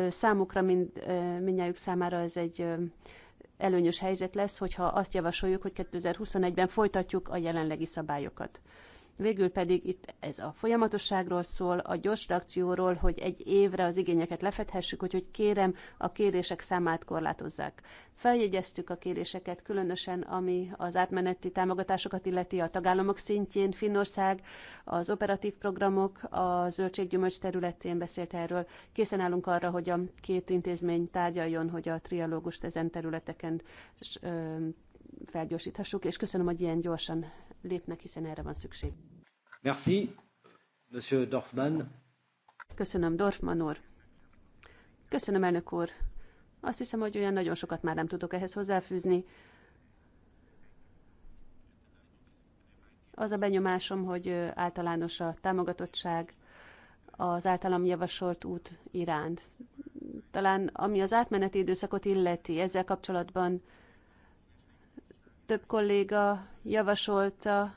Számukra, mind, mindnyájuk számára ez egy előnyös helyzet lesz, hogyha azt javasoljuk, hogy 2021-ben folytatjuk a jelenlegi szabályokat. Végül pedig itt ez a folyamatosságról szól, a gyors reakcióról, hogy egy évre az igényeket lefedhessük, úgyhogy kérem, a kérések számát korlátozzák. Feljegyeztük a kéréseket, különösen ami az átmeneti támogatásokat illeti a tagállamok szintjén, Finnország, az operatív programok, a zöldséggyümölcs területén beszélt erről. Készen állunk arra, hogy a két intézmény tárgyaljon, hogy a trialógust ezen területeken felgyorsíthassuk, és köszönöm, hogy ilyen gyorsan lépnek, hiszen erre van szükség. Merci, Monsieur Dorfman. Köszönöm, Dorfman úr. Köszönöm, elnök úr. Azt hiszem, hogy olyan nagyon sokat már nem tudok ehhez hozzáfűzni. Az a benyomásom, hogy általános a támogatottság az általam javasolt út iránt. Talán ami az átmeneti időszakot illeti, ezzel kapcsolatban több kolléga javasolta,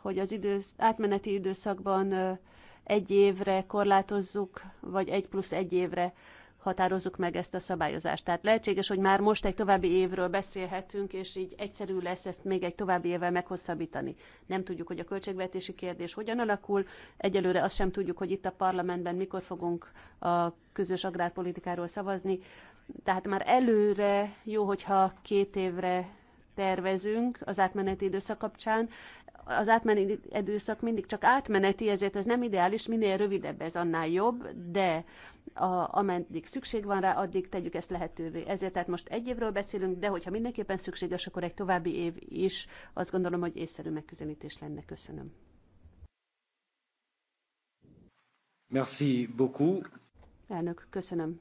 hogy az idősz, átmeneti időszakban egy évre korlátozzuk, vagy egy plusz egy évre határozzuk meg ezt a szabályozást. Tehát lehetséges, hogy már most egy további évről beszélhetünk, és így egyszerű lesz ezt még egy további évvel meghosszabbítani. Nem tudjuk, hogy a költségvetési kérdés hogyan alakul, egyelőre azt sem tudjuk, hogy itt a parlamentben mikor fogunk a közös agrárpolitikáról szavazni tehát már előre jó, hogyha két évre tervezünk az átmeneti időszak kapcsán. Az átmeneti időszak mindig csak átmeneti, ezért ez nem ideális, minél rövidebb ez, annál jobb, de a, ameddig szükség van rá, addig tegyük ezt lehetővé. Ezért tehát most egy évről beszélünk, de hogyha mindenképpen szükséges, akkor egy további év is. Azt gondolom, hogy észszerű megközelítés lenne. Köszönöm. Merci beaucoup. Elnök, köszönöm.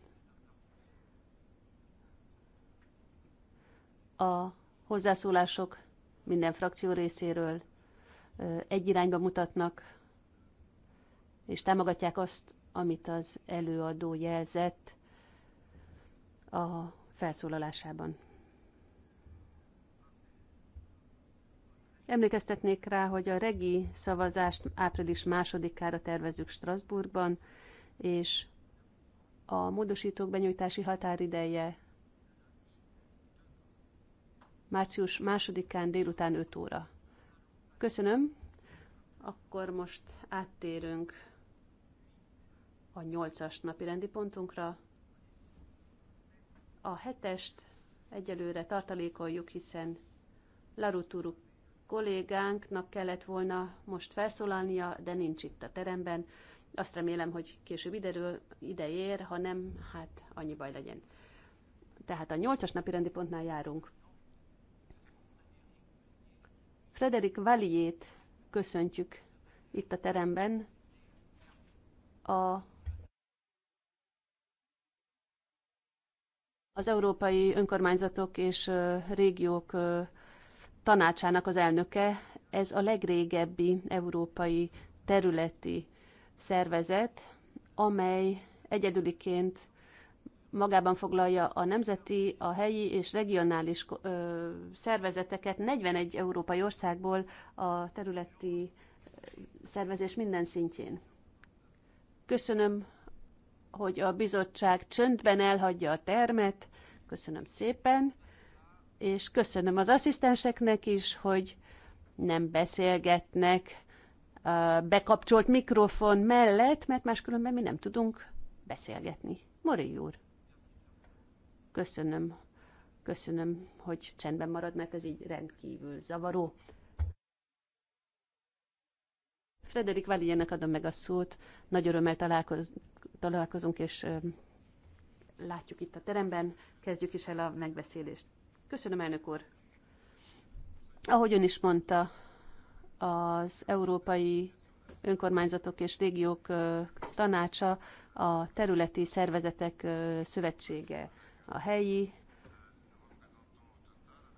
a hozzászólások minden frakció részéről egy irányba mutatnak, és támogatják azt, amit az előadó jelzett a felszólalásában. Emlékeztetnék rá, hogy a regi szavazást április másodikára tervezük Strasbourgban, és a módosítók benyújtási határideje március 2-án délután 5 óra. Köszönöm. Akkor most áttérünk a 8-as napi rendi pontunkra. A hetest egyelőre tartalékoljuk, hiszen Laruturu kollégánknak kellett volna most felszólalnia, de nincs itt a teremben. Azt remélem, hogy később ideről, ide ér, ha nem, hát annyi baj legyen. Tehát a 8-as napi rendi pontnál járunk. Frederik Valiét köszöntjük itt a teremben, a, az Európai Önkormányzatok és Régiók Tanácsának az elnöke. Ez a legrégebbi európai területi szervezet, amely egyedüliként magában foglalja a nemzeti, a helyi és regionális ö, szervezeteket 41 európai országból a területi szervezés minden szintjén. Köszönöm, hogy a bizottság csöndben elhagyja a termet. Köszönöm szépen, és köszönöm az asszisztenseknek is, hogy nem beszélgetnek bekapcsolt mikrofon mellett, mert máskülönben mi nem tudunk beszélgetni. Mori úr! Köszönöm, köszönöm, hogy csendben marad, mert ez így rendkívül zavaró. Frederik Valilyennek adom meg a szót. Nagy örömmel találkoz, találkozunk, és ö, látjuk itt a teremben. Kezdjük is el a megbeszélést. Köszönöm, elnök úr! Ahogy ön is mondta, az Európai Önkormányzatok és Régiók Tanácsa a Területi Szervezetek Szövetsége a helyi,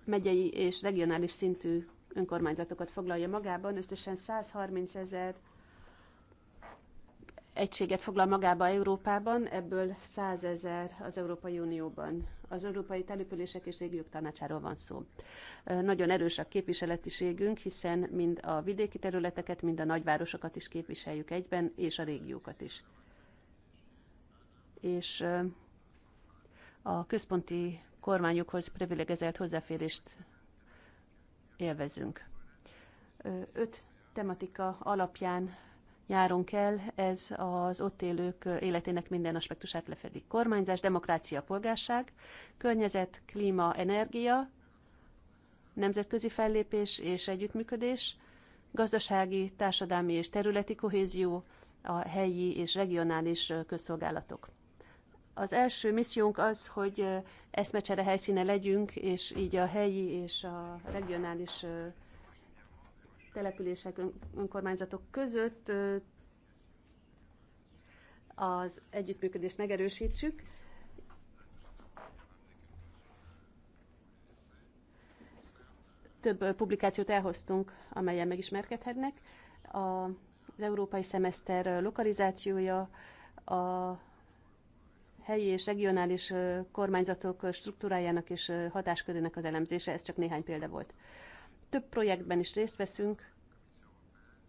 megyei és regionális szintű önkormányzatokat foglalja magában, összesen 130 ezer egységet foglal magába Európában, ebből 100 ezer az Európai Unióban. Az Európai Települések és Régiók Tanácsáról van szó. Nagyon erős a képviseletiségünk, hiszen mind a vidéki területeket, mind a nagyvárosokat is képviseljük egyben, és a régiókat is. És a központi kormányokhoz privilegizált hozzáférést élvezünk. Öt tematika alapján járunk el, ez az ott élők életének minden aspektusát lefedi. Kormányzás, demokrácia, polgárság, környezet, klíma, energia, nemzetközi fellépés és együttműködés, gazdasági, társadalmi és területi kohézió, a helyi és regionális közszolgálatok. Az első missziónk az, hogy eszmecsere helyszíne legyünk, és így a helyi és a regionális települések, önkormányzatok között az együttműködést megerősítsük. Több publikációt elhoztunk, amelyen megismerkedhetnek. Az európai szemeszter lokalizációja, a helyi és regionális kormányzatok struktúrájának és hatáskörének az elemzése, ez csak néhány példa volt. Több projektben is részt veszünk,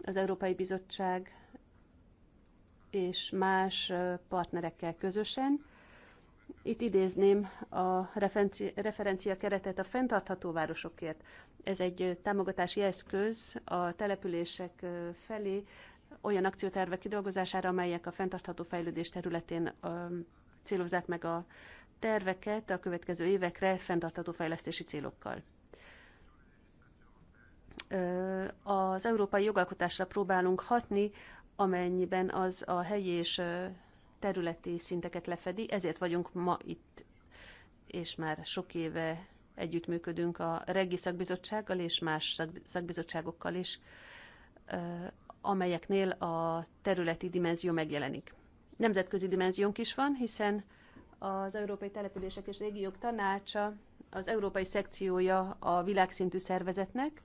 az Európai Bizottság és más partnerekkel közösen. Itt idézném a referencia, referencia keretet a fenntartható városokért. Ez egy támogatási eszköz a települések felé olyan akciótervek kidolgozására, amelyek a fenntartható fejlődés területén célozzák meg a terveket a következő évekre fenntartható fejlesztési célokkal. Az európai jogalkotásra próbálunk hatni, amennyiben az a helyi és területi szinteket lefedi, ezért vagyunk ma itt, és már sok éve együttműködünk a Regi Szakbizottsággal és más szakbizottságokkal is, amelyeknél a területi dimenzió megjelenik nemzetközi dimenziónk is van, hiszen az Európai Települések és Régiók Tanácsa az európai szekciója a világszintű szervezetnek.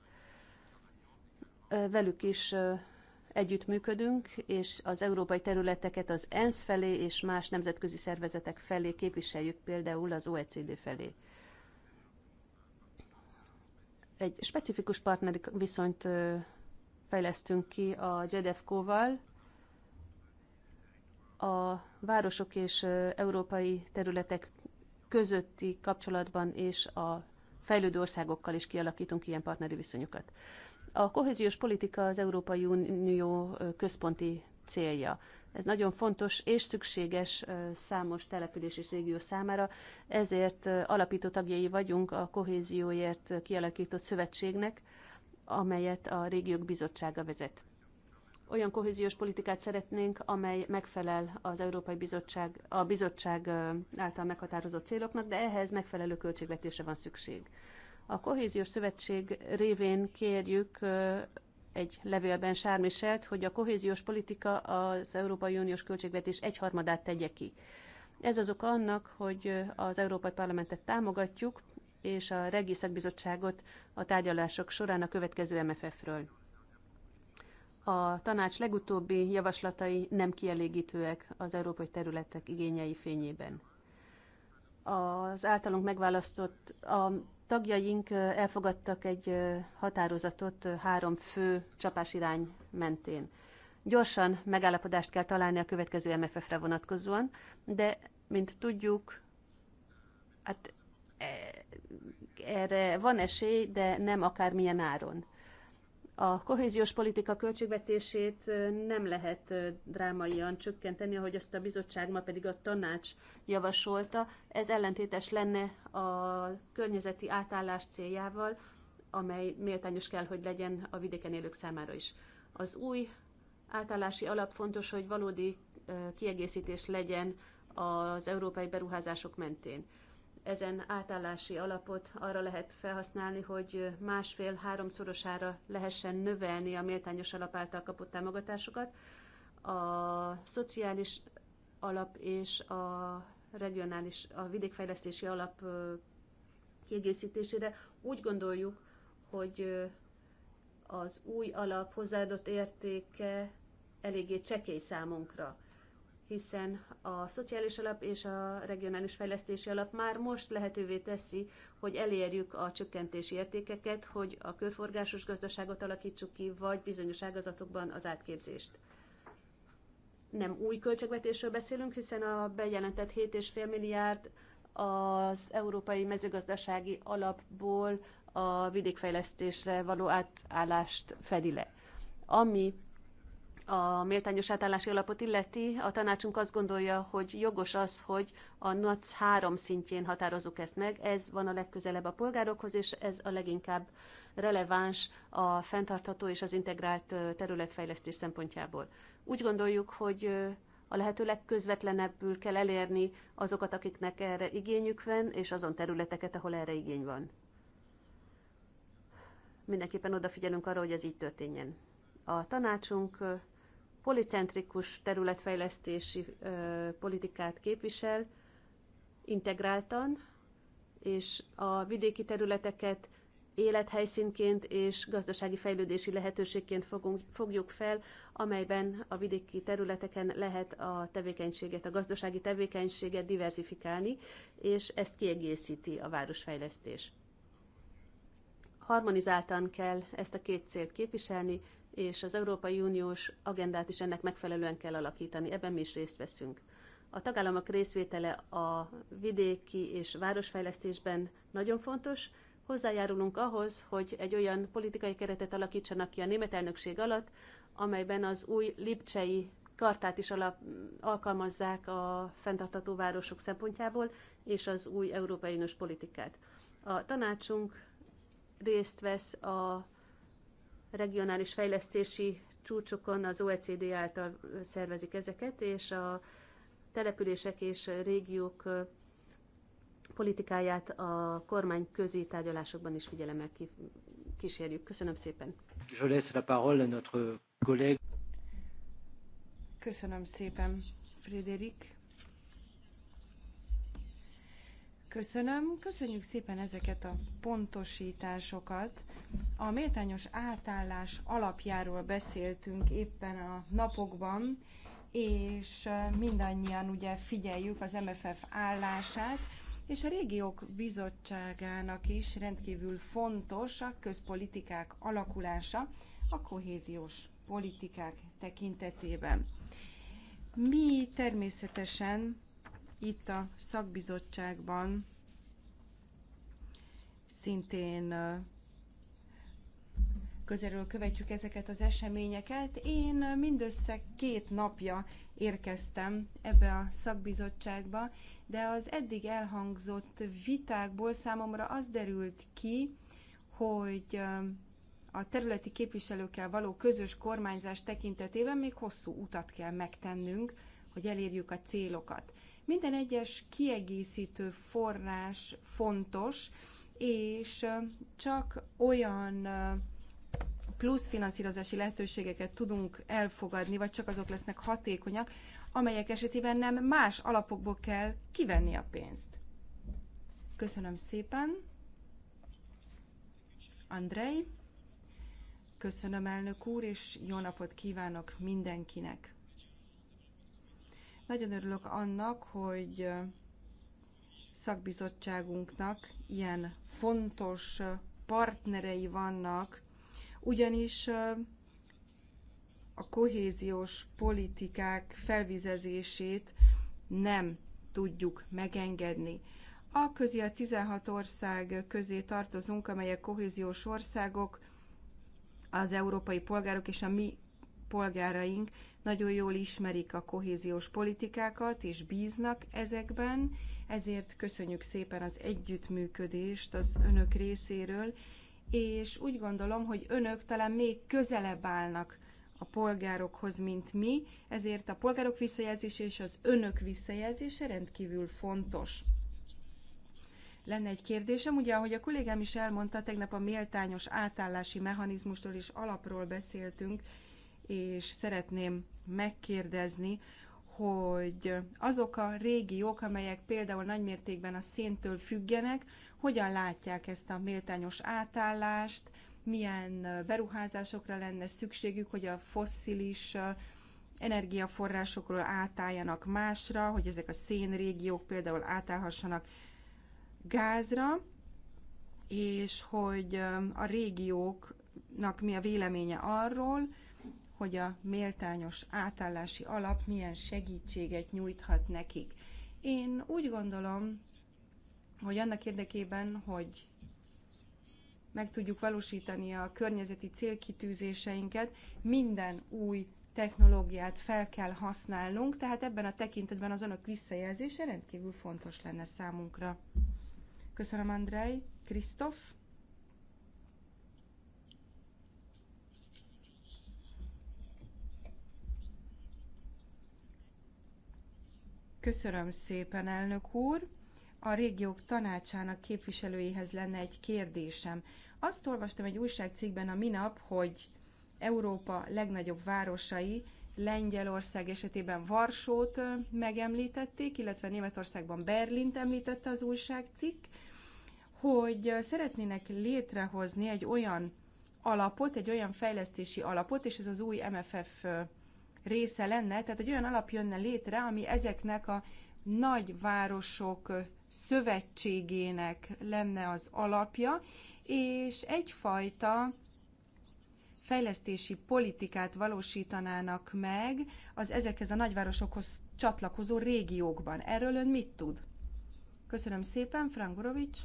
Velük is együttműködünk, és az európai területeket az ENSZ felé és más nemzetközi szervezetek felé képviseljük, például az OECD felé. Egy specifikus partneri viszonyt fejlesztünk ki a GEDEFCO-val, a városok és európai területek közötti kapcsolatban és a fejlődő országokkal is kialakítunk ilyen partneri viszonyokat. A kohéziós politika az Európai Unió központi célja. Ez nagyon fontos és szükséges számos település és régió számára, ezért alapító tagjai vagyunk a kohézióért kialakított szövetségnek, amelyet a régiók bizottsága vezet olyan kohéziós politikát szeretnénk, amely megfelel az Európai Bizottság, a bizottság által meghatározott céloknak, de ehhez megfelelő költségvetése van szükség. A kohéziós szövetség révén kérjük egy levélben Sármiselt, hogy a kohéziós politika az Európai Uniós költségvetés egyharmadát tegye ki. Ez az oka annak, hogy az Európai Parlamentet támogatjuk, és a Regi Szakbizottságot a tárgyalások során a következő MFF-ről. A tanács legutóbbi javaslatai nem kielégítőek az európai területek igényei fényében. Az általunk megválasztott, a tagjaink elfogadtak egy határozatot három fő csapásirány mentén. Gyorsan megállapodást kell találni a következő MFF-re vonatkozóan, de mint tudjuk, hát e, erre van esély, de nem akármilyen áron. A kohéziós politika költségvetését nem lehet drámaian csökkenteni, ahogy azt a bizottság, ma pedig a tanács javasolta. Ez ellentétes lenne a környezeti átállás céljával, amely méltányos kell, hogy legyen a vidéken élők számára is. Az új átállási alap fontos, hogy valódi kiegészítés legyen az európai beruházások mentén ezen átállási alapot arra lehet felhasználni, hogy másfél-háromszorosára lehessen növelni a méltányos alap által kapott támogatásokat. A szociális alap és a regionális, a vidékfejlesztési alap kiegészítésére úgy gondoljuk, hogy az új alap hozzáadott értéke eléggé csekély számunkra hiszen a szociális alap és a regionális fejlesztési alap már most lehetővé teszi, hogy elérjük a csökkentési értékeket, hogy a körforgásos gazdaságot alakítsuk ki, vagy bizonyos ágazatokban az átképzést. Nem új költségvetésről beszélünk, hiszen a bejelentett 7,5 milliárd az Európai Mezőgazdasági Alapból a vidékfejlesztésre való átállást fedi le. Ami a méltányos átállási alapot illeti, a tanácsunk azt gondolja, hogy jogos az, hogy a NAC három szintjén határozzuk ezt meg. Ez van a legközelebb a polgárokhoz, és ez a leginkább releváns a fenntartható és az integrált területfejlesztés szempontjából. Úgy gondoljuk, hogy a lehető legközvetlenebbül kell elérni azokat, akiknek erre igényük van, és azon területeket, ahol erre igény van. Mindenképpen odafigyelünk arra, hogy ez így történjen. A tanácsunk policentrikus területfejlesztési ö, politikát képvisel, integráltan, és a vidéki területeket élethelyszínként és gazdasági fejlődési lehetőségként fogunk, fogjuk fel, amelyben a vidéki területeken lehet a tevékenységet, a gazdasági tevékenységet diversifikálni, és ezt kiegészíti a városfejlesztés. Harmonizáltan kell ezt a két célt képviselni, és az Európai Uniós agendát is ennek megfelelően kell alakítani. Ebben mi is részt veszünk. A tagállamok részvétele a vidéki és városfejlesztésben nagyon fontos. Hozzájárulunk ahhoz, hogy egy olyan politikai keretet alakítsanak ki a német elnökség alatt, amelyben az új lipcsei kartát is alap, alkalmazzák a fenntartató városok szempontjából, és az új Európai Uniós politikát. A tanácsunk részt vesz a regionális fejlesztési csúcsokon az OECD által szervezik ezeket, és a települések és régiók politikáját a kormány közi tárgyalásokban is figyelemmel kísérjük. Köszönöm szépen. laisse la parole à notre collègue. Köszönöm szépen, Frédéric. Köszönöm, köszönjük szépen ezeket a pontosításokat. A méltányos átállás alapjáról beszéltünk éppen a napokban, és mindannyian ugye figyeljük az MFF állását, és a régiók bizottságának is rendkívül fontos a közpolitikák alakulása a kohéziós politikák tekintetében. Mi természetesen itt a szakbizottságban szintén közelről követjük ezeket az eseményeket. Én mindössze két napja érkeztem ebbe a szakbizottságba, de az eddig elhangzott vitákból számomra az derült ki, hogy a területi képviselőkkel való közös kormányzás tekintetében még hosszú utat kell megtennünk, hogy elérjük a célokat. Minden egyes kiegészítő forrás fontos, és csak olyan plusz finanszírozási lehetőségeket tudunk elfogadni, vagy csak azok lesznek hatékonyak, amelyek esetében nem más alapokból kell kivenni a pénzt. Köszönöm szépen. Andrei, köszönöm elnök úr, és jó napot kívánok mindenkinek. Nagyon örülök annak, hogy szakbizottságunknak ilyen fontos partnerei vannak, ugyanis a kohéziós politikák felvizezését nem tudjuk megengedni. A közé a 16 ország közé tartozunk, amelyek kohéziós országok, az európai polgárok és a mi polgáraink nagyon jól ismerik a kohéziós politikákat és bíznak ezekben, ezért köszönjük szépen az együttműködést az önök részéről, és úgy gondolom, hogy önök talán még közelebb állnak a polgárokhoz, mint mi, ezért a polgárok visszajelzése és az önök visszajelzése rendkívül fontos. Lenne egy kérdésem, ugye ahogy a kollégám is elmondta, tegnap a méltányos átállási mechanizmusról és alapról beszéltünk, és szeretném megkérdezni, hogy azok a régiók, amelyek például nagymértékben a széntől függenek, hogyan látják ezt a méltányos átállást, milyen beruházásokra lenne szükségük, hogy a fosszilis energiaforrásokról átálljanak másra, hogy ezek a szénrégiók például átállhassanak gázra, és hogy a régióknak mi a véleménye arról, hogy a méltányos átállási alap milyen segítséget nyújthat nekik. Én úgy gondolom, hogy annak érdekében, hogy meg tudjuk valósítani a környezeti célkitűzéseinket, minden új technológiát fel kell használnunk, tehát ebben a tekintetben az önök visszajelzése rendkívül fontos lenne számunkra. Köszönöm, Andrei. Krisztof? Köszönöm szépen, elnök úr. A régiók tanácsának képviselőihez lenne egy kérdésem. Azt olvastam egy újságcikkben a minap, hogy Európa legnagyobb városai Lengyelország esetében Varsót megemlítették, illetve Németországban Berlint említette az újságcikk, hogy szeretnének létrehozni egy olyan alapot, egy olyan fejlesztési alapot, és ez az új MFF része lenne, tehát egy olyan alap jönne létre, ami ezeknek a nagyvárosok szövetségének lenne az alapja, és egyfajta fejlesztési politikát valósítanának meg az ezekhez a nagyvárosokhoz csatlakozó régiókban. Erről ön mit tud? Köszönöm szépen, Frangurovics.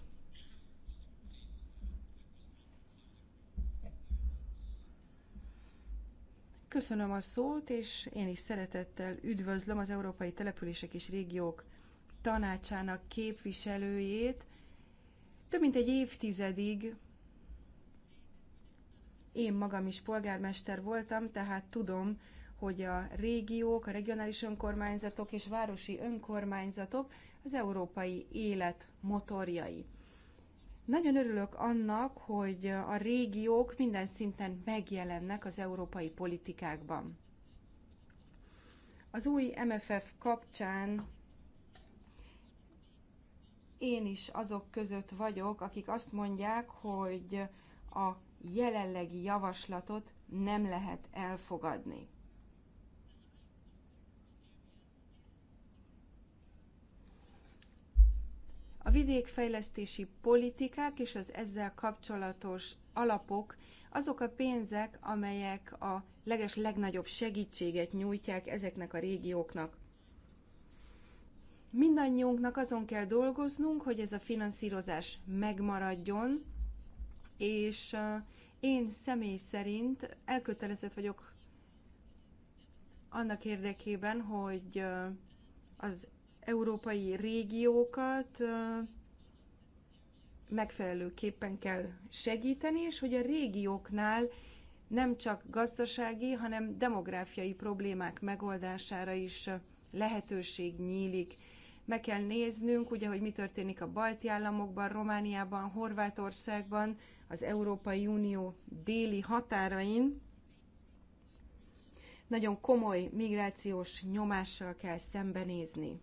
Köszönöm a szót, és én is szeretettel üdvözlöm az Európai Települések és Régiók Tanácsának képviselőjét. Több mint egy évtizedig én magam is polgármester voltam, tehát tudom, hogy a régiók, a regionális önkormányzatok és városi önkormányzatok az európai élet motorjai. Nagyon örülök annak, hogy a régiók minden szinten megjelennek az európai politikákban. Az új MFF kapcsán én is azok között vagyok, akik azt mondják, hogy a jelenlegi javaslatot nem lehet elfogadni. A vidékfejlesztési politikák és az ezzel kapcsolatos alapok azok a pénzek, amelyek a leges legnagyobb segítséget nyújtják ezeknek a régióknak. Mindannyiunknak azon kell dolgoznunk, hogy ez a finanszírozás megmaradjon, és én személy szerint elkötelezett vagyok annak érdekében, hogy az európai régiókat megfelelőképpen kell segíteni, és hogy a régióknál nem csak gazdasági, hanem demográfiai problémák megoldására is lehetőség nyílik. Meg kell néznünk, ugye, hogy mi történik a balti államokban, Romániában, Horvátországban, az Európai Unió déli határain. Nagyon komoly migrációs nyomással kell szembenézni.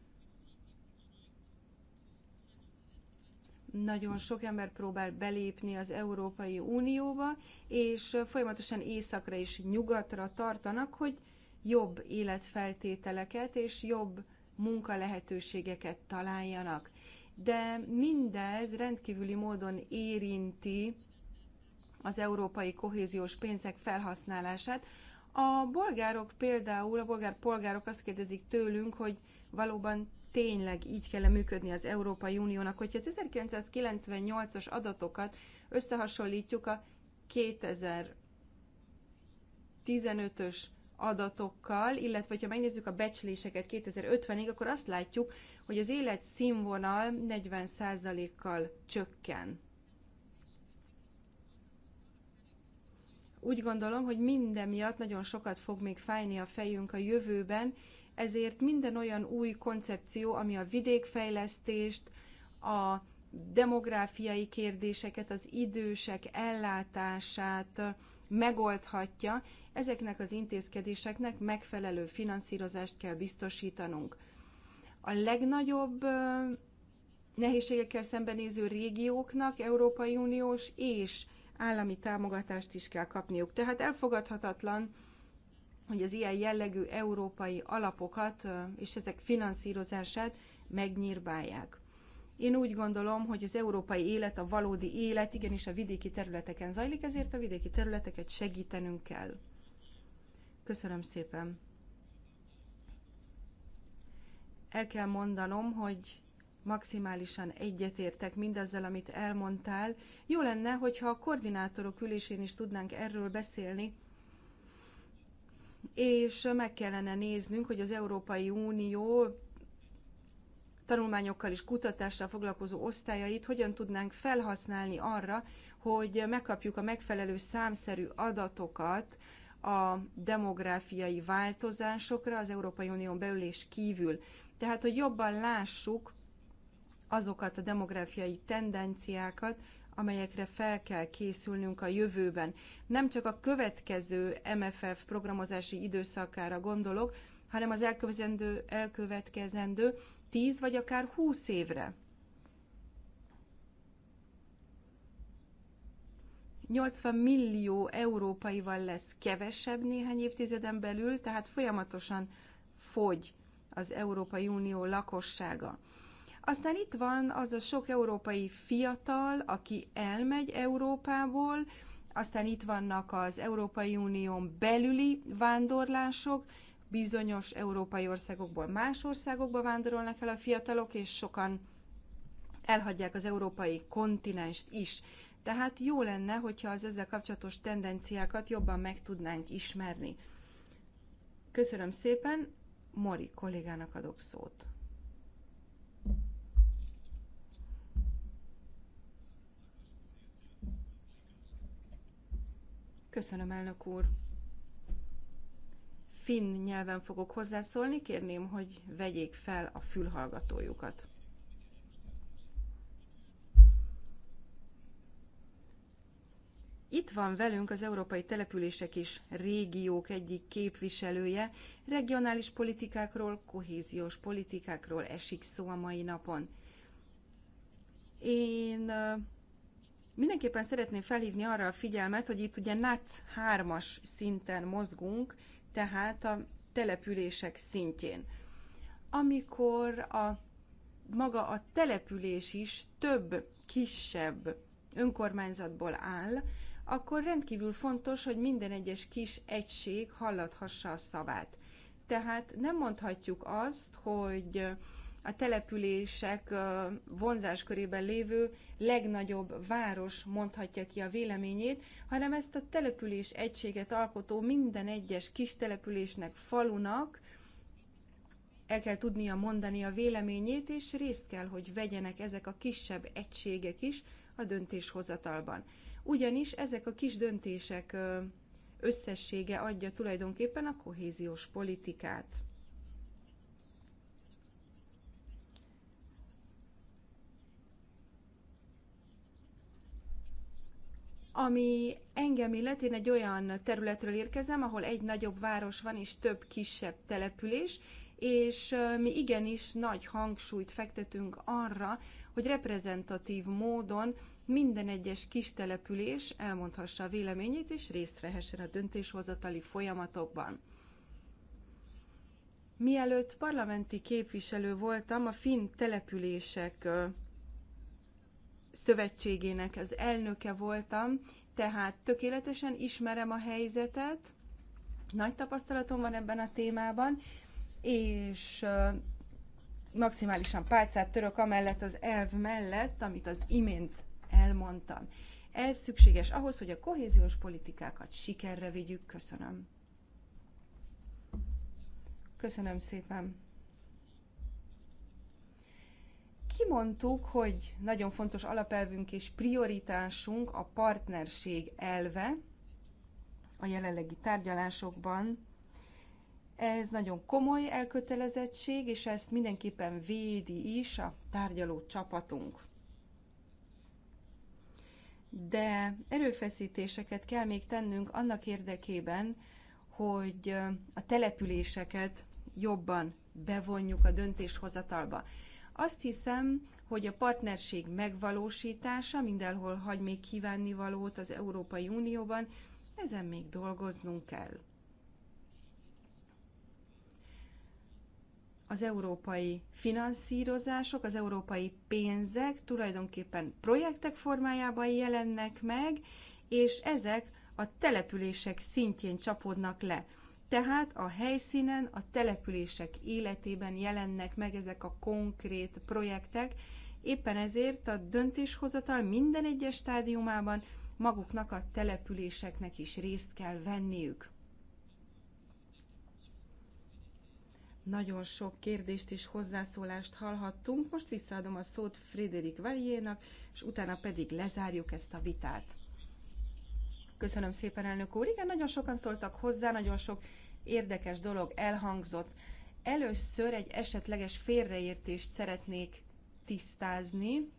nagyon sok ember próbál belépni az Európai Unióba, és folyamatosan északra és nyugatra tartanak, hogy jobb életfeltételeket és jobb munkalehetőségeket találjanak. De mindez rendkívüli módon érinti az európai kohéziós pénzek felhasználását. A bolgárok például, a bolgár polgárok azt kérdezik tőlünk, hogy valóban tényleg így kell működni az Európai Uniónak. Hogyha az 1998-as adatokat összehasonlítjuk a 2015-ös adatokkal, illetve ha megnézzük a becsléseket 2050-ig, akkor azt látjuk, hogy az élet színvonal 40%-kal csökken. Úgy gondolom, hogy minden miatt nagyon sokat fog még fájni a fejünk a jövőben, ezért minden olyan új koncepció, ami a vidékfejlesztést, a demográfiai kérdéseket, az idősek ellátását megoldhatja, ezeknek az intézkedéseknek megfelelő finanszírozást kell biztosítanunk. A legnagyobb nehézségekkel szembenéző régióknak Európai Uniós és állami támogatást is kell kapniuk. Tehát elfogadhatatlan, hogy az ilyen jellegű európai alapokat és ezek finanszírozását megnyírbálják. Én úgy gondolom, hogy az európai élet, a valódi élet igenis a vidéki területeken zajlik, ezért a vidéki területeket segítenünk kell. Köszönöm szépen! El kell mondanom, hogy maximálisan egyetértek mindazzal, amit elmondtál. Jó lenne, hogyha a koordinátorok ülésén is tudnánk erről beszélni, és meg kellene néznünk, hogy az Európai Unió tanulmányokkal és kutatással foglalkozó osztályait hogyan tudnánk felhasználni arra, hogy megkapjuk a megfelelő számszerű adatokat a demográfiai változásokra az Európai Unión belül és kívül. Tehát, hogy jobban lássuk azokat a demográfiai tendenciákat, amelyekre fel kell készülnünk a jövőben. Nem csak a következő MFF programozási időszakára gondolok, hanem az elkövetkezendő, elkövetkezendő 10 vagy akár 20 évre. 80 millió európaival lesz kevesebb néhány évtizeden belül, tehát folyamatosan fogy az Európai Unió lakossága. Aztán itt van az a sok európai fiatal, aki elmegy Európából, aztán itt vannak az Európai Unión belüli vándorlások, bizonyos európai országokból más országokba vándorolnak el a fiatalok, és sokan elhagyják az európai kontinenst is. Tehát jó lenne, hogyha az ezzel kapcsolatos tendenciákat jobban meg tudnánk ismerni. Köszönöm szépen, Mori kollégának adok szót. Köszönöm, elnök úr. Finn nyelven fogok hozzászólni, kérném, hogy vegyék fel a fülhallgatójukat. Itt van velünk az Európai Települések és Régiók egyik képviselője. Regionális politikákról, kohéziós politikákról esik szó a mai napon. Én Mindenképpen szeretném felhívni arra a figyelmet, hogy itt ugye NAC 3-as szinten mozgunk, tehát a települések szintjén. Amikor a maga a település is több kisebb önkormányzatból áll, akkor rendkívül fontos, hogy minden egyes kis egység hallathassa a szavát. Tehát nem mondhatjuk azt, hogy a települések vonzás körében lévő legnagyobb város mondhatja ki a véleményét, hanem ezt a település egységet alkotó minden egyes kis településnek, falunak el kell tudnia mondani a véleményét, és részt kell, hogy vegyenek ezek a kisebb egységek is a döntéshozatalban. Ugyanis ezek a kis döntések összessége adja tulajdonképpen a kohéziós politikát. Ami engem illet, én egy olyan területről érkezem, ahol egy nagyobb város van és több kisebb település, és mi igenis nagy hangsúlyt fektetünk arra, hogy reprezentatív módon minden egyes kis település elmondhassa a véleményét és részt vehessen a döntéshozatali folyamatokban. Mielőtt parlamenti képviselő voltam, a finn települések szövetségének az elnöke voltam, tehát tökéletesen ismerem a helyzetet, nagy tapasztalatom van ebben a témában, és maximálisan pálcát török amellett az elv mellett, amit az imént elmondtam. Ez szükséges ahhoz, hogy a kohéziós politikákat sikerre vigyük. Köszönöm. Köszönöm szépen. Kimondtuk, hogy nagyon fontos alapelvünk és prioritásunk a partnerség elve a jelenlegi tárgyalásokban. Ez nagyon komoly elkötelezettség, és ezt mindenképpen védi is a tárgyaló csapatunk de erőfeszítéseket kell még tennünk annak érdekében, hogy a településeket jobban bevonjuk a döntéshozatalba. Azt hiszem, hogy a partnerség megvalósítása mindenhol hagy még kívánni valót az Európai Unióban, ezen még dolgoznunk kell. az európai finanszírozások, az európai pénzek tulajdonképpen projektek formájában jelennek meg, és ezek a települések szintjén csapódnak le. Tehát a helyszínen, a települések életében jelennek meg ezek a konkrét projektek, éppen ezért a döntéshozatal minden egyes stádiumában maguknak a településeknek is részt kell venniük. Nagyon sok kérdést és hozzászólást hallhattunk, most visszaadom a szót Frédéric Valiénak, és utána pedig lezárjuk ezt a vitát. Köszönöm szépen, elnök úr. Igen, nagyon sokan szóltak hozzá, nagyon sok érdekes dolog elhangzott. Először egy esetleges félreértést szeretnék tisztázni.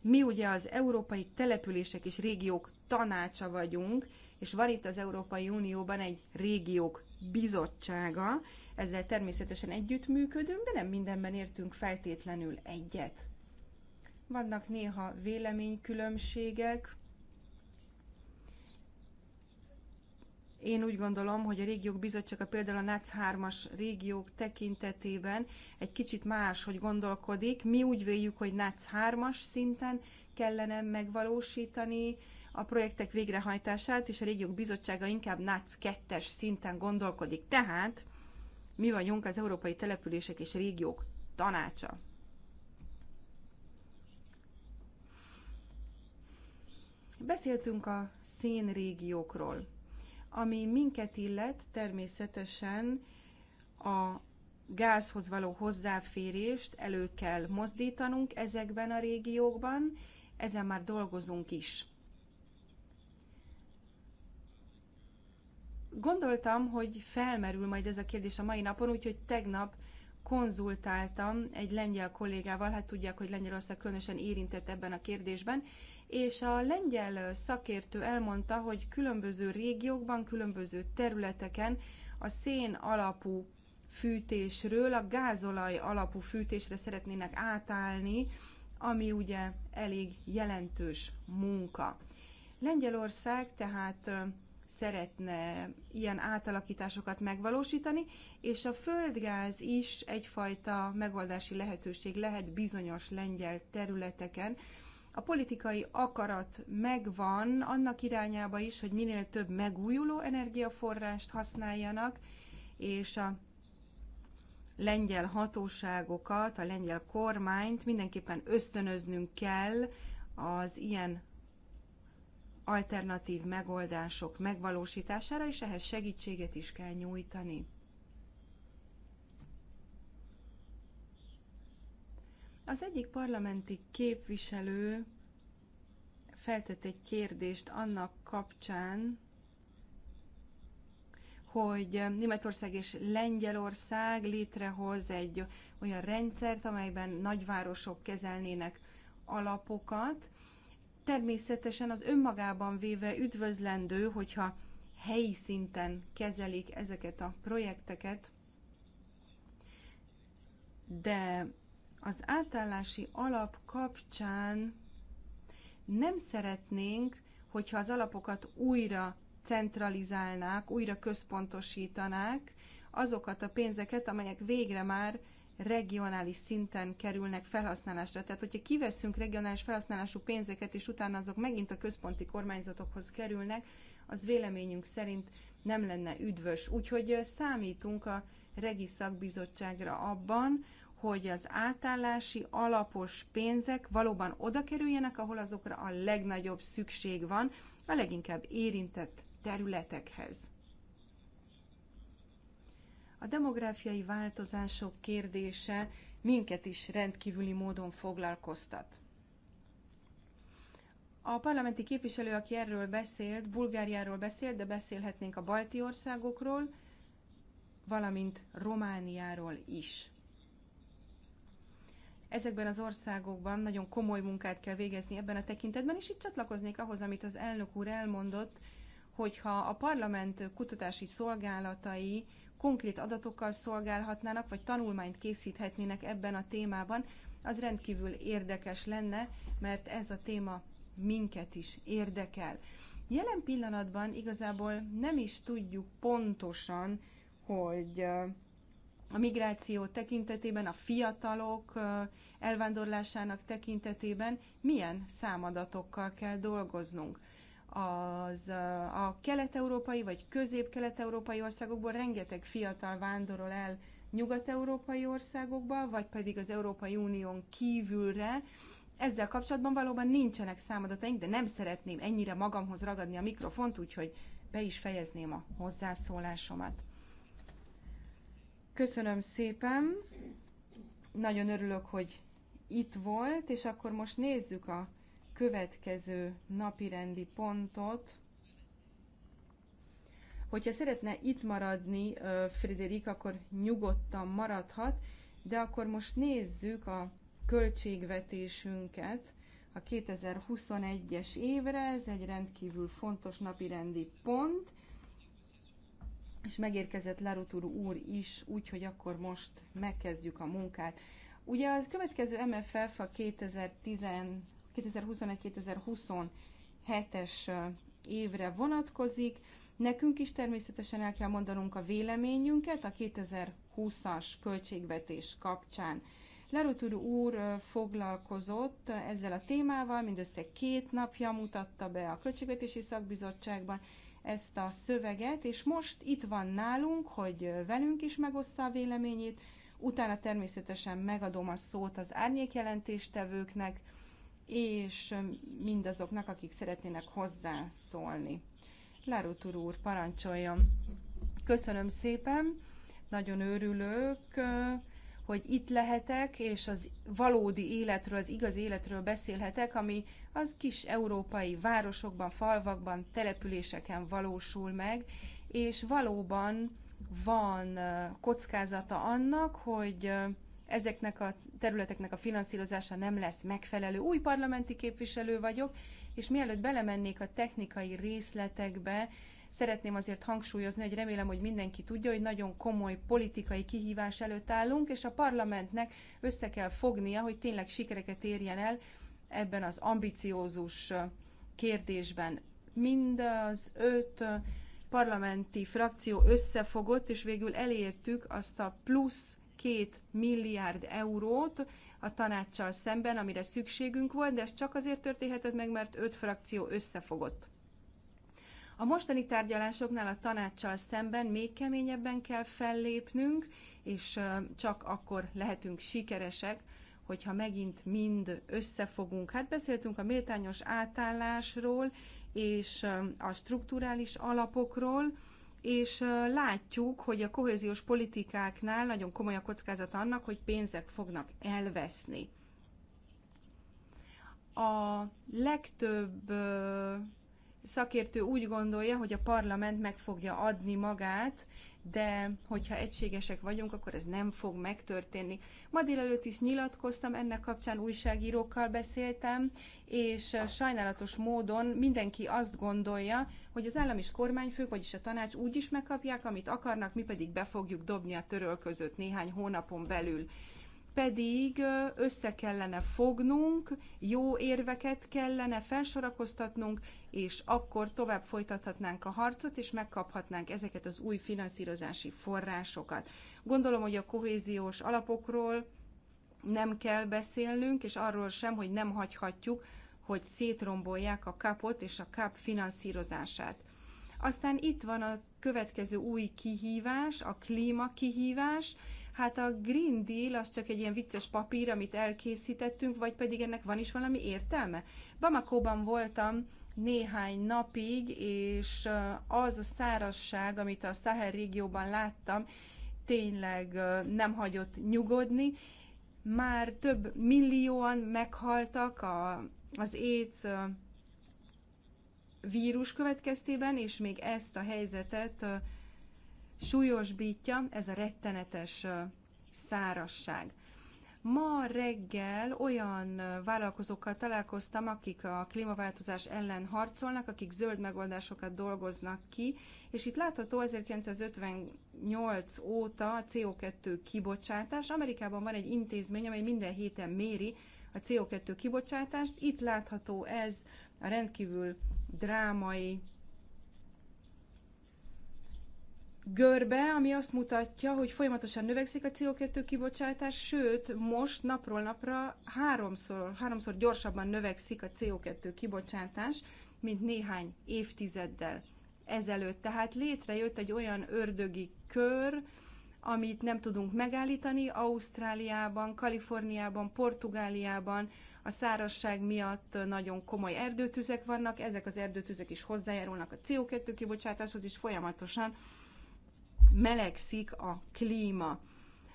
Mi ugye az Európai Települések és Régiók Tanácsa vagyunk, és van itt az Európai Unióban egy régiók bizottsága, ezzel természetesen együttműködünk, de nem mindenben értünk feltétlenül egyet. Vannak néha véleménykülönbségek, Én úgy gondolom, hogy a régiók bizottsága például a NAC 3-as régiók tekintetében egy kicsit más, hogy gondolkodik. Mi úgy véljük, hogy NAC 3-as szinten kellene megvalósítani a projektek végrehajtását, és a régiók bizottsága inkább NAC 2-es szinten gondolkodik. Tehát mi vagyunk az Európai Települések és Régiók Tanácsa. Beszéltünk a szénrégiókról. Ami minket illet, természetesen a gázhoz való hozzáférést elő kell mozdítanunk ezekben a régiókban, ezen már dolgozunk is. Gondoltam, hogy felmerül majd ez a kérdés a mai napon, úgyhogy tegnap konzultáltam egy lengyel kollégával, hát tudják, hogy Lengyelország különösen érintett ebben a kérdésben, és a lengyel szakértő elmondta, hogy különböző régiókban, különböző területeken a szén alapú fűtésről a gázolaj alapú fűtésre szeretnének átállni, ami ugye elég jelentős munka. Lengyelország tehát szeretne ilyen átalakításokat megvalósítani, és a földgáz is egyfajta megoldási lehetőség lehet bizonyos lengyel területeken, a politikai akarat megvan annak irányába is, hogy minél több megújuló energiaforrást használjanak, és a lengyel hatóságokat, a lengyel kormányt mindenképpen ösztönöznünk kell az ilyen alternatív megoldások megvalósítására, és ehhez segítséget is kell nyújtani. Az egyik parlamenti képviselő feltett egy kérdést annak kapcsán, hogy Németország és Lengyelország létrehoz egy olyan rendszert, amelyben nagyvárosok kezelnének alapokat. Természetesen az önmagában véve üdvözlendő, hogyha helyi szinten kezelik ezeket a projekteket, de az átállási alap kapcsán nem szeretnénk, hogyha az alapokat újra centralizálnák, újra központosítanák azokat a pénzeket, amelyek végre már regionális szinten kerülnek felhasználásra. Tehát, hogyha kiveszünk regionális felhasználású pénzeket, és utána azok megint a központi kormányzatokhoz kerülnek, az véleményünk szerint nem lenne üdvös. Úgyhogy számítunk a regiszakbizottságra abban, hogy az átállási alapos pénzek valóban oda kerüljenek, ahol azokra a legnagyobb szükség van, a leginkább érintett területekhez. A demográfiai változások kérdése minket is rendkívüli módon foglalkoztat. A parlamenti képviselő, aki erről beszélt, Bulgáriáról beszélt, de beszélhetnénk a balti országokról, valamint Romániáról is ezekben az országokban nagyon komoly munkát kell végezni ebben a tekintetben, és itt csatlakoznék ahhoz, amit az elnök úr elmondott, hogyha a parlament kutatási szolgálatai konkrét adatokkal szolgálhatnának, vagy tanulmányt készíthetnének ebben a témában, az rendkívül érdekes lenne, mert ez a téma minket is érdekel. Jelen pillanatban igazából nem is tudjuk pontosan, hogy a migráció tekintetében, a fiatalok elvándorlásának tekintetében milyen számadatokkal kell dolgoznunk. Az, a kelet-európai vagy közép-kelet-európai országokból rengeteg fiatal vándorol el nyugat-európai országokba, vagy pedig az Európai Unión kívülre. Ezzel kapcsolatban valóban nincsenek számadataink, de nem szeretném ennyire magamhoz ragadni a mikrofont, úgyhogy be is fejezném a hozzászólásomat. Köszönöm szépen, nagyon örülök, hogy itt volt, és akkor most nézzük a következő napirendi pontot. Hogyha szeretne itt maradni, Frederik, akkor nyugodtan maradhat, de akkor most nézzük a költségvetésünket a 2021-es évre, ez egy rendkívül fontos napirendi pont, és megérkezett Larutur úr is, úgyhogy akkor most megkezdjük a munkát. Ugye az következő MFF a 2021-2027-es évre vonatkozik. Nekünk is természetesen el kell mondanunk a véleményünket a 2020-as költségvetés kapcsán. Larutur úr foglalkozott ezzel a témával, mindössze két napja mutatta be a Költségvetési Szakbizottságban, ezt a szöveget, és most itt van nálunk, hogy velünk is megoszta a véleményét, utána természetesen megadom a szót az árnyékjelentéstevőknek, és mindazoknak, akik szeretnének hozzászólni. Larutur úr, parancsoljon! Köszönöm szépen, nagyon örülök hogy itt lehetek, és az valódi életről, az igaz életről beszélhetek, ami az kis európai városokban, falvakban, településeken valósul meg, és valóban van kockázata annak, hogy ezeknek a területeknek a finanszírozása nem lesz megfelelő. Új parlamenti képviselő vagyok, és mielőtt belemennék a technikai részletekbe, Szeretném azért hangsúlyozni, hogy remélem, hogy mindenki tudja, hogy nagyon komoly politikai kihívás előtt állunk, és a parlamentnek össze kell fognia, hogy tényleg sikereket érjen el ebben az ambiciózus kérdésben. Mind az öt parlamenti frakció összefogott, és végül elértük azt a plusz két milliárd eurót a tanácssal szemben, amire szükségünk volt, de ez csak azért történhetett meg, mert öt frakció összefogott. A mostani tárgyalásoknál a tanácssal szemben még keményebben kell fellépnünk, és csak akkor lehetünk sikeresek, hogyha megint mind összefogunk. Hát beszéltünk a méltányos átállásról és a strukturális alapokról, és látjuk, hogy a kohéziós politikáknál nagyon komoly a kockázat annak, hogy pénzek fognak elveszni. A legtöbb szakértő úgy gondolja, hogy a parlament meg fogja adni magát, de hogyha egységesek vagyunk, akkor ez nem fog megtörténni. Ma délelőtt is nyilatkoztam, ennek kapcsán újságírókkal beszéltem, és eh, sajnálatos módon mindenki azt gondolja, hogy az állam és kormányfők, vagyis a tanács úgy is megkapják, amit akarnak, mi pedig be fogjuk dobni a törölközőt néhány hónapon belül pedig össze kellene fognunk, jó érveket kellene felsorakoztatnunk, és akkor tovább folytathatnánk a harcot, és megkaphatnánk ezeket az új finanszírozási forrásokat. Gondolom, hogy a kohéziós alapokról nem kell beszélnünk, és arról sem, hogy nem hagyhatjuk, hogy szétrombolják a kapot és a kap finanszírozását. Aztán itt van a következő új kihívás, a klíma kihívás Hát a Green Deal az csak egy ilyen vicces papír, amit elkészítettünk, vagy pedig ennek van is valami értelme? Bamako-ban voltam néhány napig, és az a szárazság, amit a Sahel régióban láttam, tényleg nem hagyott nyugodni. Már több millióan meghaltak a, az AIDS vírus következtében, és még ezt a helyzetet súlyosbítja, ez a rettenetes szárasság. Ma reggel olyan vállalkozókkal találkoztam, akik a klímaváltozás ellen harcolnak, akik zöld megoldásokat dolgoznak ki, és itt látható 1958 óta a CO2 kibocsátás. Amerikában van egy intézmény, amely minden héten méri a CO2 kibocsátást. Itt látható ez a rendkívül drámai görbe, ami azt mutatja, hogy folyamatosan növekszik a CO2 kibocsátás, sőt, most napról napra háromszor, háromszor gyorsabban növekszik a CO2 kibocsátás, mint néhány évtizeddel ezelőtt. Tehát létrejött egy olyan ördögi kör, amit nem tudunk megállítani Ausztráliában, Kaliforniában, Portugáliában, a szárazság miatt nagyon komoly erdőtüzek vannak, ezek az erdőtüzek is hozzájárulnak a CO2 kibocsátáshoz, és folyamatosan melegszik a klíma.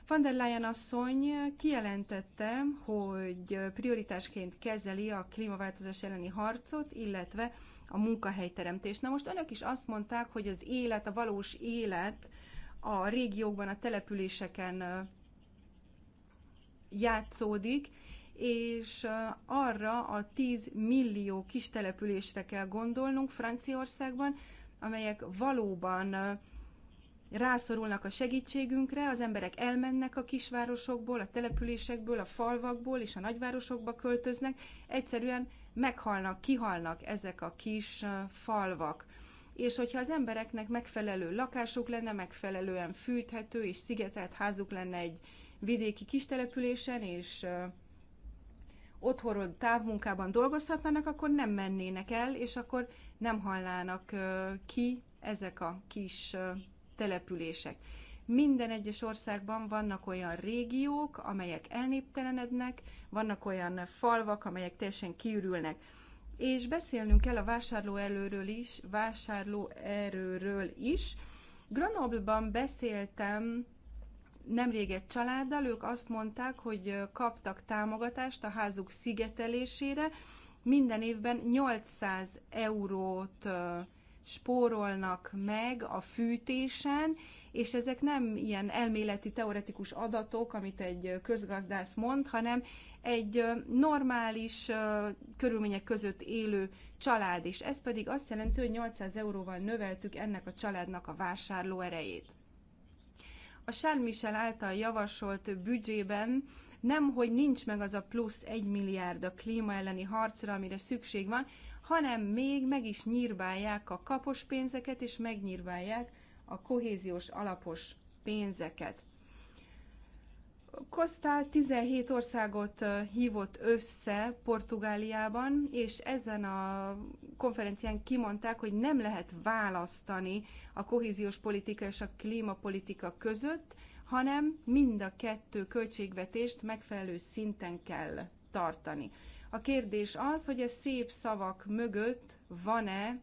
Van der Leyen asszony kijelentette, hogy prioritásként kezeli a klímaváltozás elleni harcot, illetve a munkahelyteremtést. Na most önök is azt mondták, hogy az élet, a valós élet a régiókban, a településeken játszódik, és arra a 10 millió kis településre kell gondolnunk Franciaországban, amelyek valóban rászorulnak a segítségünkre, az emberek elmennek a kisvárosokból, a településekből, a falvakból és a nagyvárosokba költöznek, egyszerűen meghalnak, kihalnak ezek a kis falvak. És hogyha az embereknek megfelelő lakásuk lenne, megfelelően fűthető és szigetelt házuk lenne egy vidéki kistelepülésen, és otthonról távmunkában dolgozhatnának, akkor nem mennének el, és akkor nem halnának ki ezek a kis települések. Minden egyes országban vannak olyan régiók, amelyek elnéptelenednek, vannak olyan falvak, amelyek teljesen kiürülnek. És beszélnünk kell a vásárlóerőről is, vásárlóerőről is. Grenoble-ban beszéltem nemrég egy családdal, ők azt mondták, hogy kaptak támogatást a házuk szigetelésére, minden évben 800 eurót spórolnak meg a fűtésen, és ezek nem ilyen elméleti, teoretikus adatok, amit egy közgazdász mond, hanem egy normális körülmények között élő család, és ez pedig azt jelenti, hogy 800 euróval növeltük ennek a családnak a vásárló erejét. A Charles Michel által javasolt büdzsében nem, hogy nincs meg az a plusz 1 milliárd a klíma elleni harcra, amire szükség van, hanem még meg is nyírbálják a kapos pénzeket, és megnyírbálják a kohéziós alapos pénzeket. Costa 17 országot hívott össze Portugáliában, és ezen a konferencián kimondták, hogy nem lehet választani a kohéziós politika és a klímapolitika között, hanem mind a kettő költségvetést megfelelő szinten kell tartani. A kérdés az, hogy a szép szavak mögött van-e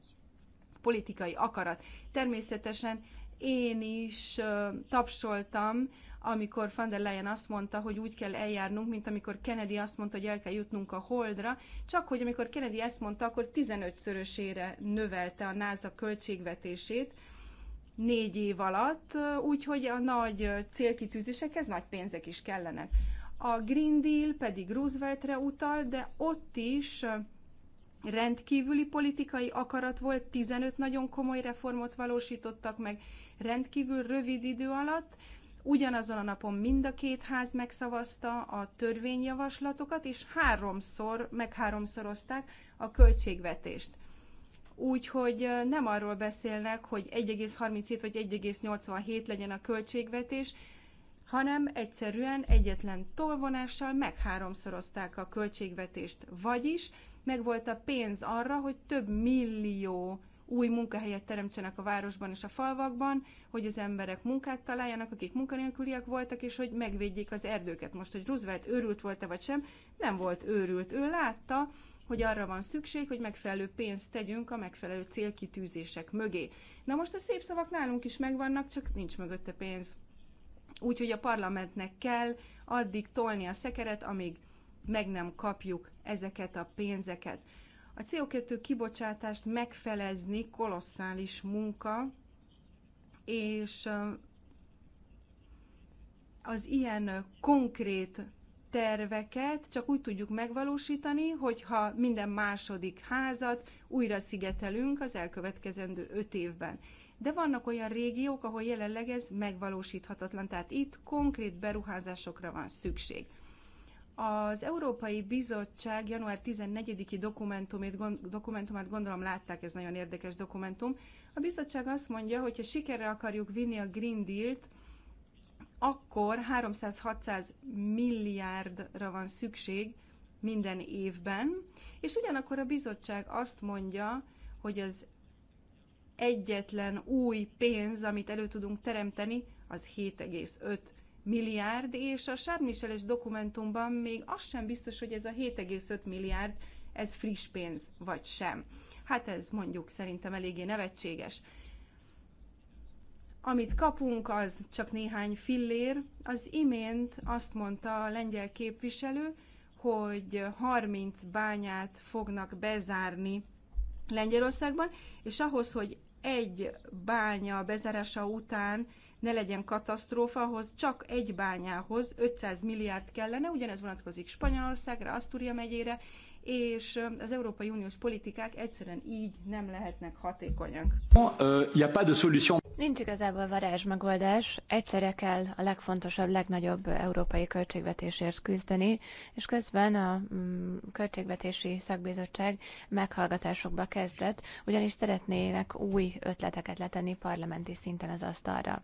politikai akarat. Természetesen én is tapsoltam, amikor van der Leyen azt mondta, hogy úgy kell eljárnunk, mint amikor Kennedy azt mondta, hogy el kell jutnunk a holdra, csak hogy amikor Kennedy ezt mondta, akkor 15-szörösére növelte a NASA költségvetését, négy év alatt, úgyhogy a nagy célkitűzésekhez nagy pénzek is kellenek. A Green Deal pedig Rooseveltre utal, de ott is rendkívüli politikai akarat volt, 15 nagyon komoly reformot valósítottak meg rendkívül rövid idő alatt, Ugyanazon a napon mind a két ház megszavazta a törvényjavaslatokat, és háromszor, meg háromszorozták a költségvetést úgyhogy nem arról beszélnek, hogy 1,37 vagy 1,87 legyen a költségvetés, hanem egyszerűen egyetlen tolvonással megháromszorozták a költségvetést, vagyis megvolt a pénz arra, hogy több millió új munkahelyet teremtsenek a városban és a falvakban, hogy az emberek munkát találjanak, akik munkanélküliek voltak, és hogy megvédjék az erdőket. Most, hogy Roosevelt őrült volt-e vagy sem, nem volt őrült. Ő látta, hogy arra van szükség, hogy megfelelő pénzt tegyünk a megfelelő célkitűzések mögé. Na most a szép szavak nálunk is megvannak, csak nincs mögötte pénz. Úgyhogy a parlamentnek kell addig tolni a szekeret, amíg meg nem kapjuk ezeket a pénzeket. A CO2 kibocsátást megfelezni kolosszális munka, és az ilyen konkrét terveket csak úgy tudjuk megvalósítani, hogyha minden második házat újra szigetelünk az elkövetkezendő öt évben. De vannak olyan régiók, ahol jelenleg ez megvalósíthatatlan, tehát itt konkrét beruházásokra van szükség. Az Európai Bizottság január 14-i dokumentumát, dokumentumát gondolom látták, ez nagyon érdekes dokumentum. A bizottság azt mondja, hogy ha sikerre akarjuk vinni a Green Deal-t, akkor 300-600 milliárdra van szükség minden évben, és ugyanakkor a bizottság azt mondja, hogy az egyetlen új pénz, amit elő tudunk teremteni, az 7,5 milliárd, és a Sármiseles dokumentumban még az sem biztos, hogy ez a 7,5 milliárd, ez friss pénz, vagy sem. Hát ez mondjuk szerintem eléggé nevetséges. Amit kapunk, az csak néhány fillér. Az imént azt mondta a lengyel képviselő, hogy 30 bányát fognak bezárni Lengyelországban, és ahhoz, hogy egy bánya bezárása után ne legyen katasztrófa, ahhoz csak egy bányához 500 milliárd kellene, ugyanez vonatkozik Spanyolországra, Asztúria megyére és az Európai Uniós politikák egyszerűen így nem lehetnek hatékonyak. Euh, Nincs igazából varázs megoldás, egyszerre kell a legfontosabb, legnagyobb európai költségvetésért küzdeni, és közben a mm, költségvetési szakbizottság meghallgatásokba kezdett, ugyanis szeretnének új ötleteket letenni parlamenti szinten az asztalra.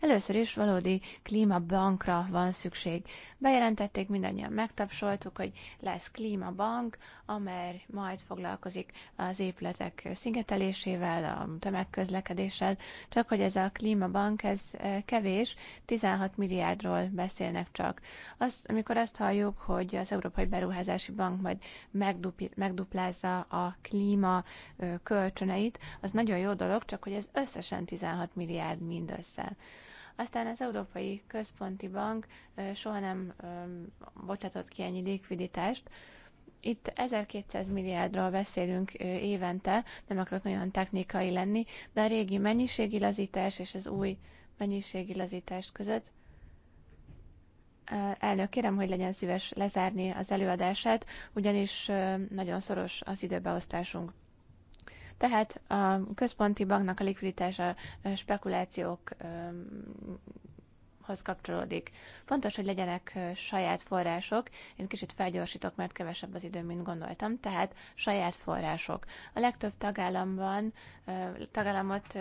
Először is valódi klímabankra van szükség. Bejelentették mindannyian, megtapsoltuk, hogy lesz klímabank, amely majd foglalkozik az épületek szigetelésével, a tömegközlekedéssel, csak hogy ez a klímabank, ez e, kevés, 16 milliárdról beszélnek csak. Azt, amikor azt halljuk, hogy az Európai Beruházási Bank majd megdupi, megduplázza a klíma e, kölcsöneit, az nagyon jó dolog, csak hogy ez összesen 16 milliárd mindössze. Aztán az Európai Központi Bank e, soha nem bocsátott ki ennyi likviditást, itt 1200 milliárdról beszélünk évente, nem akarok nagyon technikai lenni, de a régi mennyiségilazítás és az új mennyiségilazítás között Elnök, kérem, hogy legyen szíves lezárni az előadását, ugyanis nagyon szoros az időbeosztásunk. Tehát a központi banknak a likviditása spekulációk hoz kapcsolódik. Fontos, hogy legyenek saját források. Én kicsit felgyorsítok, mert kevesebb az idő, mint gondoltam. Tehát saját források. A legtöbb tagállamban, tagállamot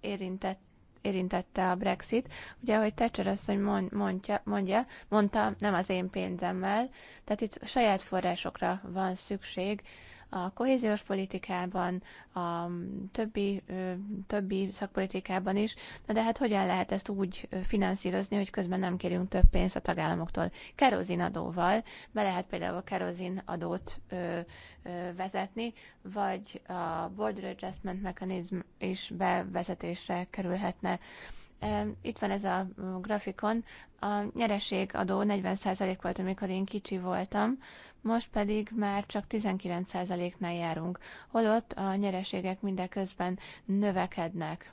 érintett érintette a Brexit. Ugye, ahogy Thatcher asszony mondja, mondja, mondta, nem az én pénzemmel, tehát itt saját forrásokra van szükség, a kohéziós politikában, a többi, többi szakpolitikában is, na de hát hogyan lehet ezt úgy finanszírozni, hogy közben nem kérünk több pénzt a tagállamoktól? Kerozinadóval, be lehet például a kerozinadót vezetni, vagy a Border Adjustment Mechanism is bevezetésre kerülhetne. Itt van ez a grafikon. A nyereségadó 40% volt, amikor én kicsi voltam, most pedig már csak 19%-nál járunk, holott a nyereségek mindeközben növekednek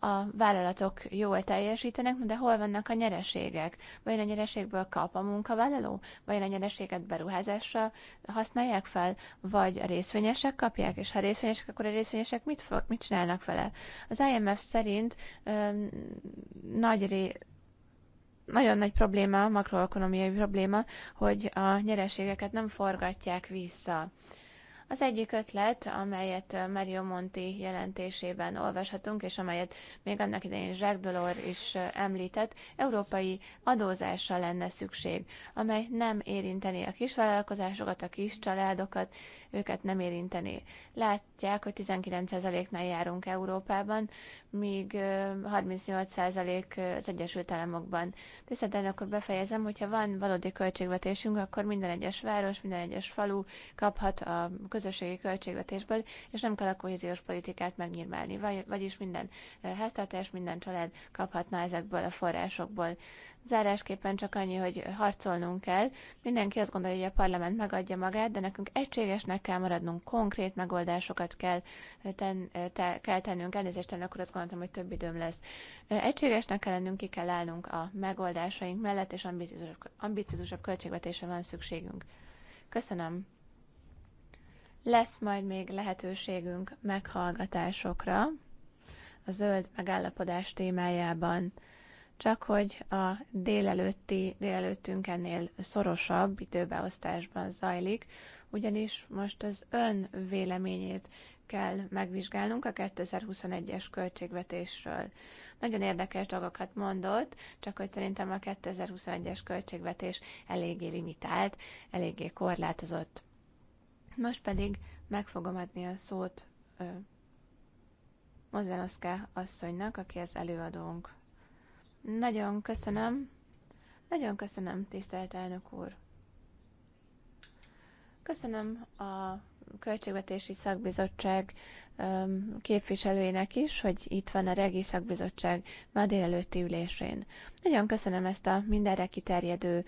a vállalatok jól teljesítenek, de hol vannak a nyereségek? Vajon a nyereségből kap a munkavállaló? Vajon a nyereséget beruházásra használják fel? Vagy a részvényesek kapják? És ha részvényesek, akkor a részvényesek mit, fog, mit csinálnak vele? Az IMF szerint öm, nagy ré, nagyon nagy probléma, makroekonomiai probléma, hogy a nyereségeket nem forgatják vissza. Az egyik ötlet, amelyet Mario Monti jelentésében olvashatunk, és amelyet még annak idején Jacques Delors is említett, európai adózásra lenne szükség, amely nem érinteni a kisvállalkozásokat, a kis családokat, őket nem érinteni. Látják, hogy 19%-nál járunk Európában, míg 38% az Egyesült Államokban. Tisztelten akkor befejezem, hogyha van valódi költségvetésünk, akkor minden egyes város, minden egyes falu kaphat a köz közösségi költségvetésből, és nem kell a kohéziós politikát megnyírmálni, vagy, vagyis minden háztartás, minden család kaphatna ezekből a forrásokból. Zárásképpen csak annyi, hogy harcolnunk kell. Mindenki azt gondolja, hogy a parlament megadja magát, de nekünk egységesnek kell maradnunk, konkrét megoldásokat kell, ten, te, kell tennünk. Elnézést, akkor azt gondoltam, hogy több időm lesz. Egységesnek kell lennünk, ki kell állnunk a megoldásaink mellett, és ambiciózusabb, ambiciózusabb költségvetésre van szükségünk. Köszönöm. Lesz majd még lehetőségünk meghallgatásokra a zöld megállapodás témájában, csak hogy a délelőtti, délelőttünk ennél szorosabb időbeosztásban zajlik, ugyanis most az ön véleményét kell megvizsgálnunk a 2021-es költségvetésről. Nagyon érdekes dolgokat mondott, csak hogy szerintem a 2021-es költségvetés eléggé limitált, eléggé korlátozott. Most pedig meg fogom adni a szót Mozeloszke asszonynak, aki az előadónk. Nagyon köszönöm. Nagyon köszönöm, tisztelt elnök úr. Köszönöm a Költségvetési Szakbizottság Um, képviselőinek is, hogy itt van a Regi Szakbizottság ma délelőtti ülésén. Nagyon köszönöm ezt a mindenre kiterjedő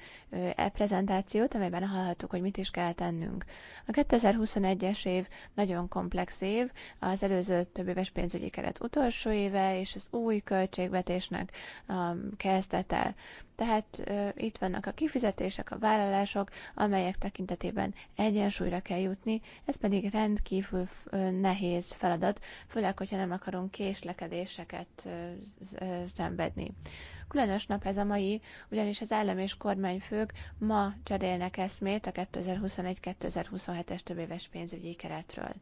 e prezentációt, amelyben hallhattuk, hogy mit is kell tennünk. A 2021-es év nagyon komplex év, az előző több éves pénzügyi keret utolsó éve, és az új költségvetésnek kezdete. Tehát itt vannak a kifizetések, a vállalások, amelyek tekintetében egyensúlyra kell jutni, ez pedig rendkívül nehéz feladat, főleg, hogyha nem akarunk késlekedéseket szenvedni. Különös nap ez a mai, ugyanis az állam és kormányfők ma cserélnek eszmét a 2021-2027-es többéves pénzügyi keretről.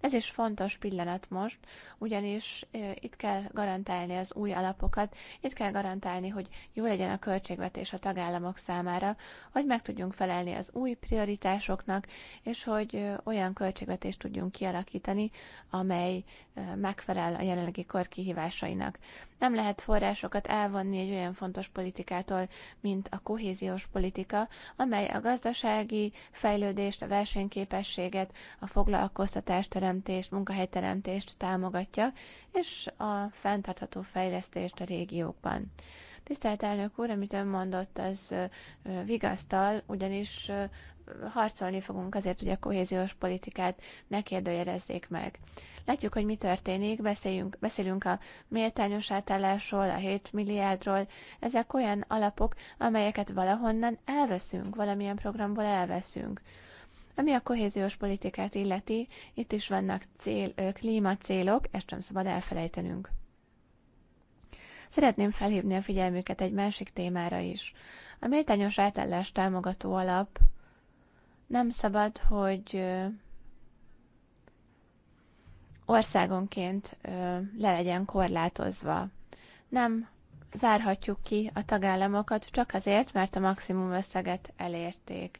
Ez is fontos pillanat most, ugyanis itt kell garantálni az új alapokat, itt kell garantálni, hogy jó legyen a költségvetés a tagállamok számára, hogy meg tudjunk felelni az új prioritásoknak, és hogy olyan költségvetést tudjunk kialakítani, amely megfelel a jelenlegi kor kihívásainak. Nem lehet forrásokat elvonni egy olyan fontos politikától, mint a kohéziós politika, amely a gazdasági fejlődést, a versenyképességet, a foglalkoztatást teremt teremtést, munkahelyteremtést támogatja, és a fenntartható fejlesztést a régiókban. Tisztelt elnök úr, amit ön mondott, az vigasztal, ugyanis harcolni fogunk azért, hogy a kohéziós politikát ne kérdőjelezzék meg. Látjuk, hogy mi történik, beszéljünk, beszélünk a méltányos átállásról, a 7 milliárdról. Ezek olyan alapok, amelyeket valahonnan elveszünk, valamilyen programból elveszünk. Ami a kohéziós politikát illeti, itt is vannak cél, klímacélok, ezt sem szabad elfelejtenünk. Szeretném felhívni a figyelmüket egy másik témára is. A méltányos átállás támogató alap nem szabad, hogy országonként le legyen korlátozva. Nem zárhatjuk ki a tagállamokat csak azért, mert a maximum összeget elérték.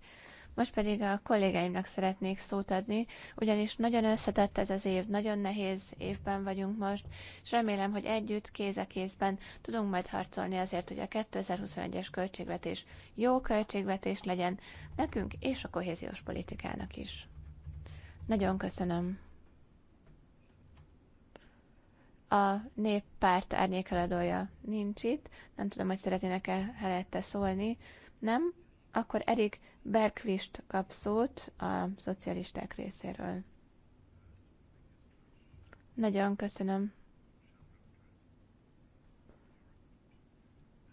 Most pedig a kollégáimnak szeretnék szót adni, ugyanis nagyon összetett ez az év, nagyon nehéz évben vagyunk most, és remélem, hogy együtt, kéz a kézben tudunk majd harcolni azért, hogy a 2021-es költségvetés jó költségvetés legyen nekünk és a kohéziós politikának is. Nagyon köszönöm. A néppárt árnyékeladója nincs itt, nem tudom, hogy szeretnének-e helyette szólni. Nem? Akkor Erik Berkvist kap szót a szocialisták részéről. Nagyon köszönöm.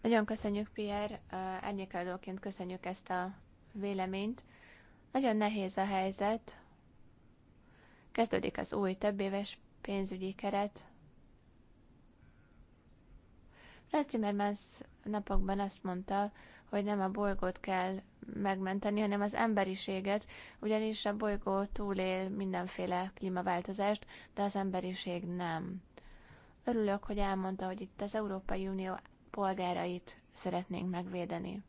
Nagyon köszönjük, Pierre, árnyékeladóként köszönjük ezt a véleményt. Nagyon nehéz a helyzet. Kezdődik az új többéves pénzügyi keret. Franz Timmermans napokban azt mondta, hogy nem a bolygót kell megmenteni, hanem az emberiséget, ugyanis a bolygó túlél mindenféle klímaváltozást, de az emberiség nem. Örülök, hogy elmondta, hogy itt az Európai Unió polgárait szeretnénk megvédeni.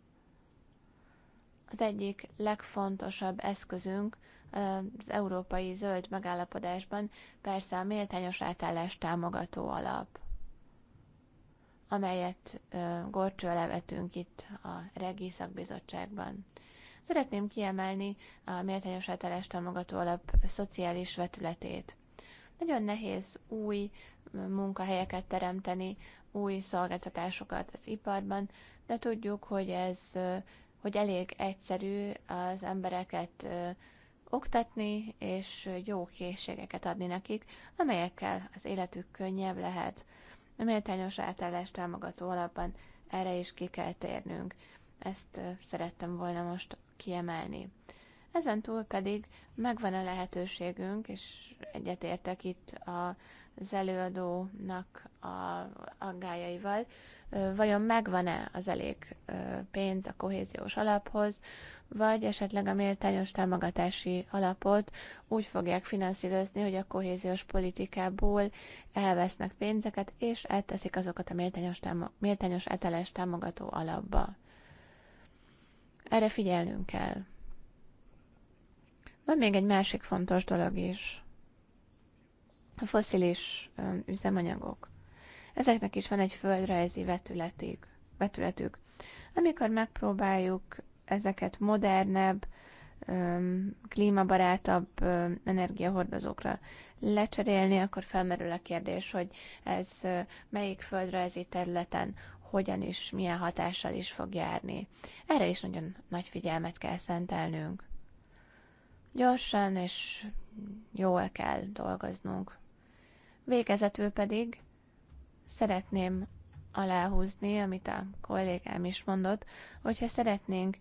Az egyik legfontosabb eszközünk az európai zöld megállapodásban persze a méltányos átállás támogató alap amelyet gorcsó levetünk itt a Regi Szakbizottságban. Szeretném kiemelni a méltányos általás támogató alap szociális vetületét. Nagyon nehéz új munkahelyeket teremteni, új szolgáltatásokat az iparban, de tudjuk, hogy ez hogy elég egyszerű az embereket oktatni, és jó készségeket adni nekik, amelyekkel az életük könnyebb lehet a méltányos átállás támogató alapban erre is ki kell térnünk. Ezt szerettem volna most kiemelni. Ezen túl pedig megvan a lehetőségünk, és egyetértek itt az előadónak a aggájaival, vajon megvan-e az elég pénz a kohéziós alaphoz, vagy esetleg a méltányos támogatási alapot úgy fogják finanszírozni, hogy a kohéziós politikából elvesznek pénzeket, és elteszik azokat a méltányos, támo- méltányos eteles támogató alapba. Erre figyelnünk kell. Van még egy másik fontos dolog is. A foszilis üzemanyagok. Ezeknek is van egy földrajzi vetületük. Amikor megpróbáljuk ezeket modernebb, klímabarátabb energiahordozókra lecserélni, akkor felmerül a kérdés, hogy ez melyik földrajzi területen hogyan is, milyen hatással is fog járni. Erre is nagyon nagy figyelmet kell szentelnünk. Gyorsan és jól kell dolgoznunk. Végezetül pedig szeretném aláhúzni, amit a kollégám is mondott, hogyha szeretnénk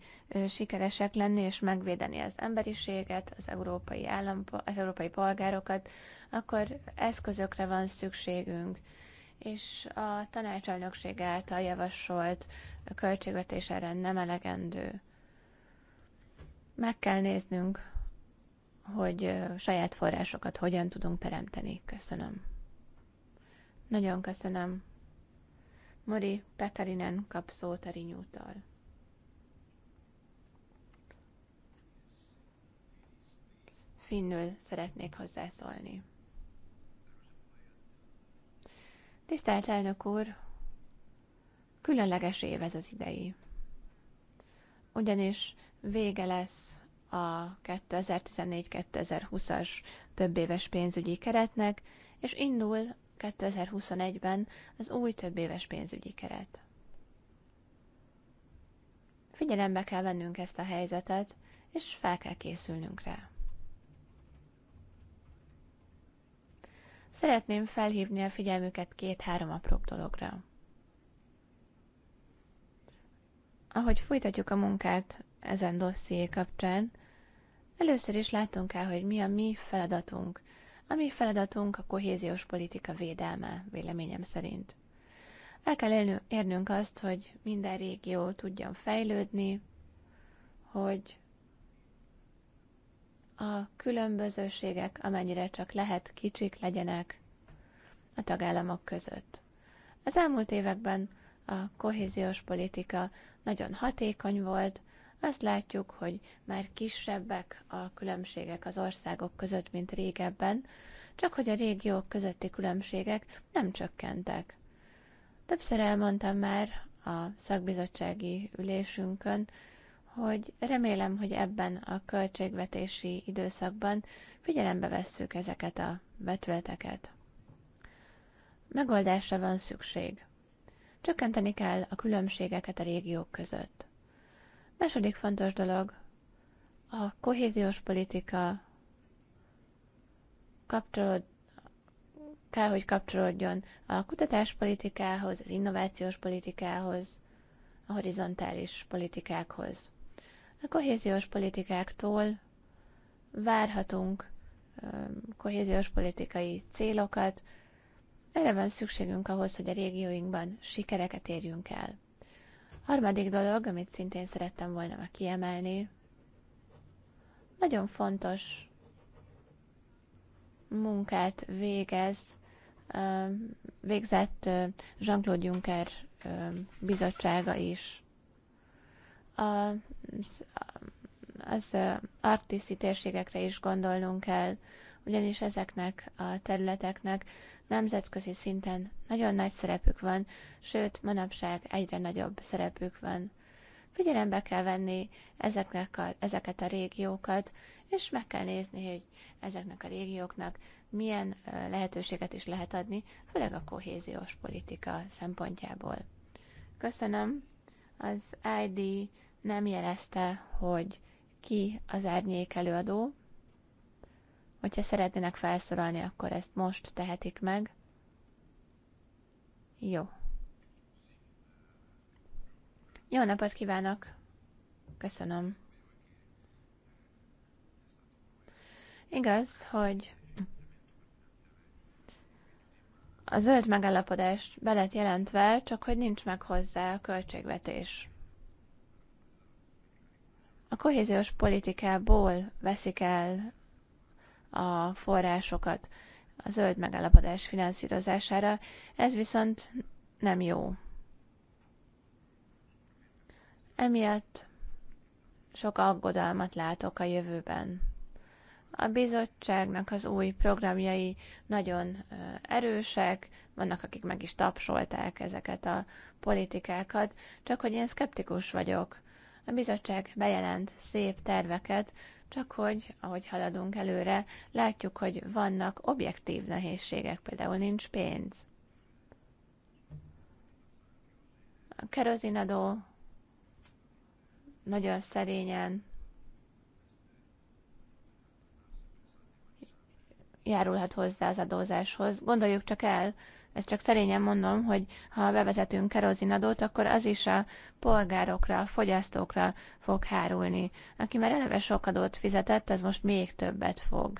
sikeresek lenni és megvédeni az emberiséget, az európai, állampo- az európai polgárokat, akkor eszközökre van szükségünk és a tanácselnökség által javasolt költségvetés erre nem elegendő. Meg kell néznünk, hogy saját forrásokat hogyan tudunk teremteni. Köszönöm. Nagyon köszönöm. Mori Pekarinen kap szót a Rinyútól. Finnül szeretnék hozzászólni. Tisztelt elnök úr, különleges év ez az idei. Ugyanis vége lesz a 2014-2020-as többéves pénzügyi keretnek, és indul 2021-ben az új többéves pénzügyi keret. Figyelembe kell vennünk ezt a helyzetet, és fel kell készülnünk rá. Szeretném felhívni a figyelmüket két-három apróbb dologra. Ahogy folytatjuk a munkát ezen dosszié kapcsán, először is látunk el, hogy mi a mi feladatunk a mi feladatunk a kohéziós politika védelme, véleményem szerint. El kell érnünk azt, hogy minden régió tudjon fejlődni, hogy a különbözőségek, amennyire csak lehet, kicsik legyenek a tagállamok között. Az elmúlt években a kohéziós politika nagyon hatékony volt, azt látjuk, hogy már kisebbek a különbségek az országok között, mint régebben, csak hogy a régiók közötti különbségek nem csökkentek. Többször elmondtam már a szakbizottsági ülésünkön, hogy remélem, hogy ebben a költségvetési időszakban figyelembe vesszük ezeket a vetületeket. Megoldásra van szükség. Csökkenteni kell a különbségeket a régiók között. Második fontos dolog a kohéziós politika kapcsolód, kell, hogy kapcsolódjon a kutatáspolitikához, az innovációs politikához, a horizontális politikákhoz. A kohéziós politikáktól várhatunk kohéziós politikai célokat, erre van szükségünk ahhoz, hogy a régióinkban sikereket érjünk el. Harmadik dolog, amit szintén szerettem volna kiemelni, nagyon fontos munkát végez, végzett Jean-Claude Juncker bizottsága is. A, az artiszi térségekre is gondolnunk kell, ugyanis ezeknek a területeknek nemzetközi szinten nagyon nagy szerepük van, sőt, manapság egyre nagyobb szerepük van. Figyelembe kell venni ezeknek a, ezeket a régiókat, és meg kell nézni, hogy ezeknek a régióknak milyen lehetőséget is lehet adni, főleg a kohéziós politika szempontjából. Köszönöm. Az ID nem jelezte, hogy ki az árnyék előadó. Hogyha szeretnének felszorolni, akkor ezt most tehetik meg. Jó. Jó napot kívánok! Köszönöm. Igaz, hogy a zöld megállapodást belet jelentve, csak hogy nincs meg hozzá a költségvetés a kohéziós politikából veszik el a forrásokat a zöld megállapodás finanszírozására, ez viszont nem jó. Emiatt sok aggodalmat látok a jövőben. A bizottságnak az új programjai nagyon erősek, vannak, akik meg is tapsolták ezeket a politikákat, csak hogy én szkeptikus vagyok. A bizottság bejelent szép terveket, csak hogy, ahogy haladunk előre, látjuk, hogy vannak objektív nehézségek, például nincs pénz. A kerozinadó nagyon szerényen járulhat hozzá az adózáshoz. Gondoljuk csak el, ezt csak szerényen mondom, hogy ha bevezetünk kerozinadót, akkor az is a polgárokra, a fogyasztókra fog hárulni. Aki már eleve sok adót fizetett, az most még többet fog.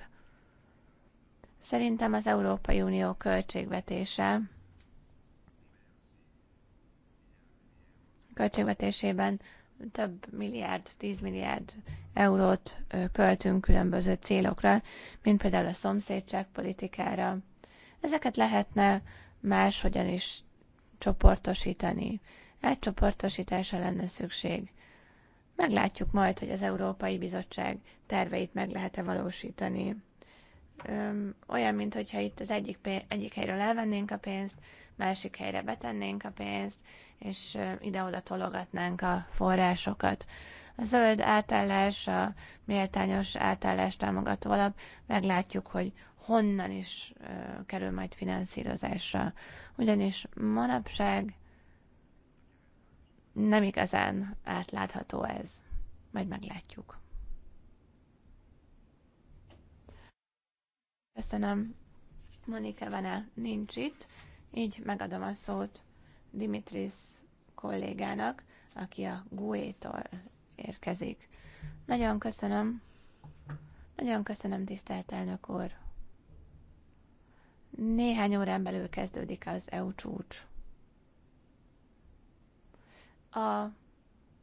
Szerintem az Európai Unió költségvetése költségvetésében több milliárd, 10 milliárd eurót költünk különböző célokra, mint például a politikára. Ezeket lehetne máshogyan is csoportosítani. Egy csoportosításra lenne szükség. Meglátjuk majd, hogy az Európai Bizottság terveit meg lehet-e valósítani. Öm, olyan, mintha itt az egyik, egyik helyről elvennénk a pénzt, másik helyre betennénk a pénzt, és ide-oda tologatnánk a forrásokat. A zöld átállás, a méltányos átállás támogató alap, meglátjuk, hogy honnan is kerül majd finanszírozásra. Ugyanis manapság nem igazán átlátható ez. Majd meglátjuk. Köszönöm. Monika Vene nincs itt, így megadom a szót Dimitris kollégának, aki a GUE-tól érkezik. Nagyon köszönöm. Nagyon köszönöm, tisztelt elnök úr. Néhány órán belül kezdődik az EU csúcs. A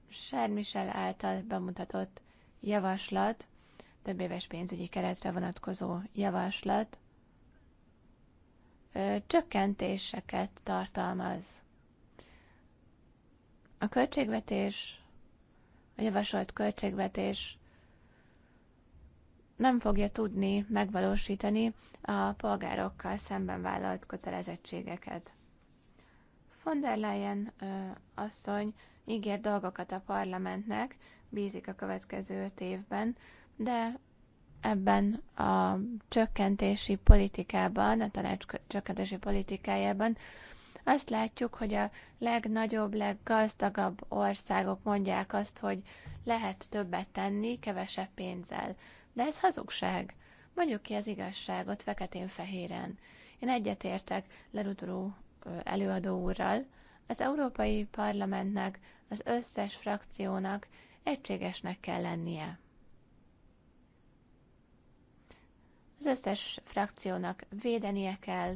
Sármisel által bemutatott javaslat, több éves pénzügyi keretre vonatkozó javaslat, csökkentéseket tartalmaz. A költségvetés, a javasolt költségvetés nem fogja tudni megvalósítani a polgárokkal szemben vállalt kötelezettségeket. Von der Leyen ö, asszony ígér dolgokat a parlamentnek, bízik a következő öt évben, de ebben a csökkentési politikában, a tanács csökkentési politikájában azt látjuk, hogy a legnagyobb, leggazdagabb országok mondják azt, hogy lehet többet tenni kevesebb pénzzel. De ez hazugság. Mondjuk ki az igazságot feketén-fehéren. Én egyetértek Lerudró előadó úrral, az Európai Parlamentnek, az összes frakciónak egységesnek kell lennie. Az összes frakciónak védenie kell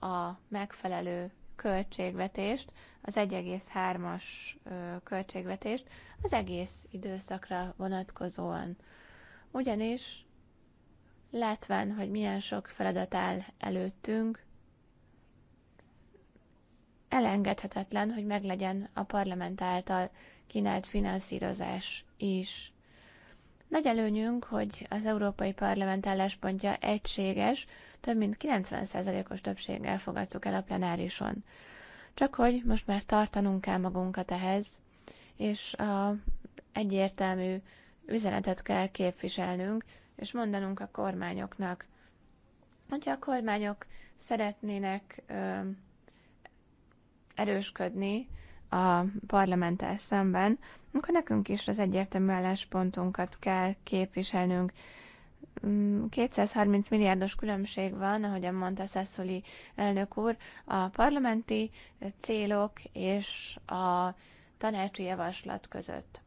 a megfelelő költségvetést, az 1,3-as költségvetést az egész időszakra vonatkozóan ugyanis látván, hogy milyen sok feladat áll előttünk, elengedhetetlen, hogy meglegyen a parlament által kínált finanszírozás is. Nagy előnyünk, hogy az Európai Parlament álláspontja egységes, több mint 90%-os többséggel fogadtuk el a plenárison. Csak hogy most már tartanunk kell magunkat ehhez, és a egyértelmű üzenetet kell képviselnünk, és mondanunk a kormányoknak. Hogyha a kormányok szeretnének ö, erősködni a parlamenttel szemben, akkor nekünk is az egyértelmű álláspontunkat kell képviselnünk. 230 mm, milliárdos különbség van, ahogyan mondta Szeszoli elnök úr, a parlamenti célok és a tanácsi javaslat között.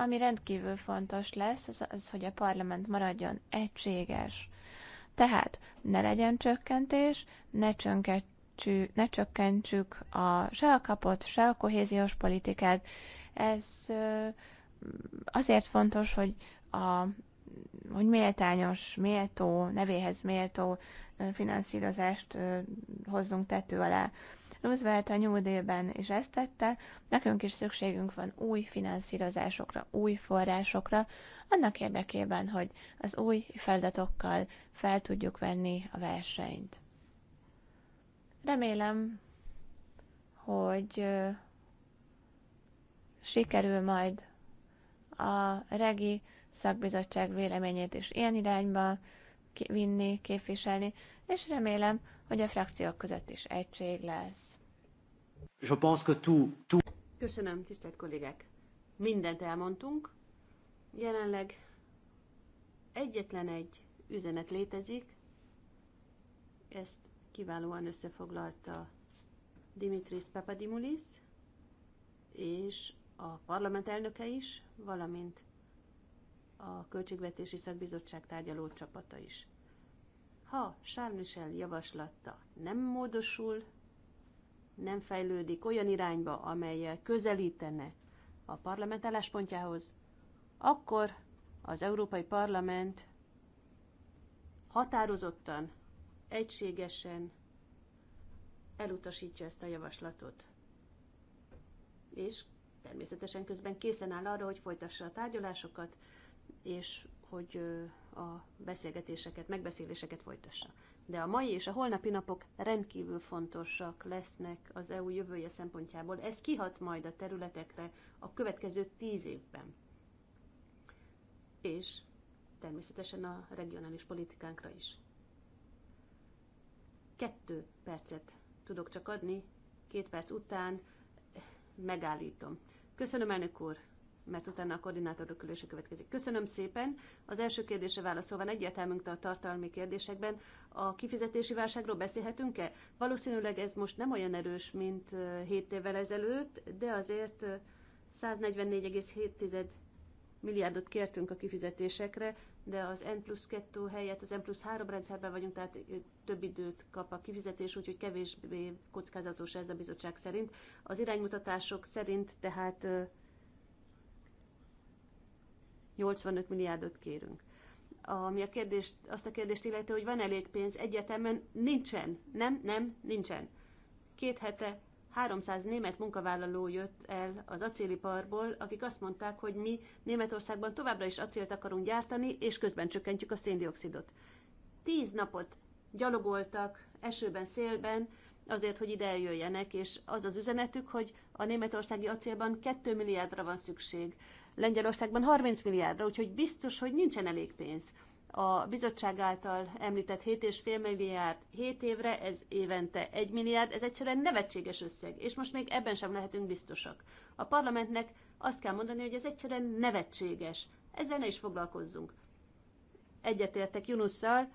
Ami rendkívül fontos lesz, az, az, hogy a parlament maradjon egységes. Tehát ne legyen csökkentés, ne, csönketsük, ne csökkentsük a, se a kapott, se a kohéziós politikát. Ez azért fontos, hogy a hogy méltányos, méltó, nevéhez méltó finanszírozást hozzunk tető alá. Roosevelt a New Deal-ben is ezt tette, nekünk is szükségünk van új finanszírozásokra, új forrásokra, annak érdekében, hogy az új feladatokkal fel tudjuk venni a versenyt. Remélem, hogy sikerül majd a regi szakbizottság véleményét is ilyen irányba vinni, képviselni, és remélem, hogy a frakciók között is egység lesz. Je pense que tout, tout... Köszönöm, tisztelt kollégák! Mindent elmondtunk. Jelenleg egyetlen egy üzenet létezik. Ezt kiválóan összefoglalta Dimitris Papadimulis, és a parlament elnöke is, valamint a Költségvetési Szakbizottság tárgyaló csapata is. Ha Charles Michel javaslata nem módosul, nem fejlődik olyan irányba, amelyel közelítene a parlament álláspontjához, akkor az Európai Parlament határozottan, egységesen elutasítja ezt a javaslatot. És természetesen közben készen áll arra, hogy folytassa a tárgyalásokat, és hogy a beszélgetéseket, megbeszéléseket folytassa. De a mai és a holnapi napok rendkívül fontosak lesznek az EU jövője szempontjából. Ez kihat majd a területekre a következő tíz évben. És természetesen a regionális politikánkra is. Kettő percet tudok csak adni, két perc után megállítom. Köszönöm, elnök úr! mert utána a koordinátorok külése következik. Köszönöm szépen. Az első kérdése válaszolva egyértelműnk a tartalmi kérdésekben. A kifizetési válságról beszélhetünk-e? Valószínűleg ez most nem olyan erős, mint 7 évvel ezelőtt, de azért 144,7 milliárdot kértünk a kifizetésekre, de az N plusz 2 helyett az N plusz 3 rendszerben vagyunk, tehát több időt kap a kifizetés, úgyhogy kevésbé kockázatos ez a bizottság szerint. Az iránymutatások szerint tehát 85 milliárdot kérünk. Ami a kérdést, azt a kérdést illeti, hogy van elég pénz, egyetemen nincsen. Nem, nem, nincsen. Két hete 300 német munkavállaló jött el az acéliparból, akik azt mondták, hogy mi Németországban továbbra is acélt akarunk gyártani, és közben csökkentjük a széndiokszidot. Tíz napot gyalogoltak esőben, szélben, azért, hogy ide eljöjjenek, és az az üzenetük, hogy a németországi acélban 2 milliárdra van szükség Lengyelországban 30 milliárdra, úgyhogy biztos, hogy nincsen elég pénz. A bizottság által említett 7,5 milliárd 7 évre, ez évente 1 milliárd, ez egyszerűen nevetséges összeg, és most még ebben sem lehetünk biztosak. A parlamentnek azt kell mondani, hogy ez egyszerűen nevetséges. Ezzel ne is foglalkozzunk. Egyetértek Junusszal,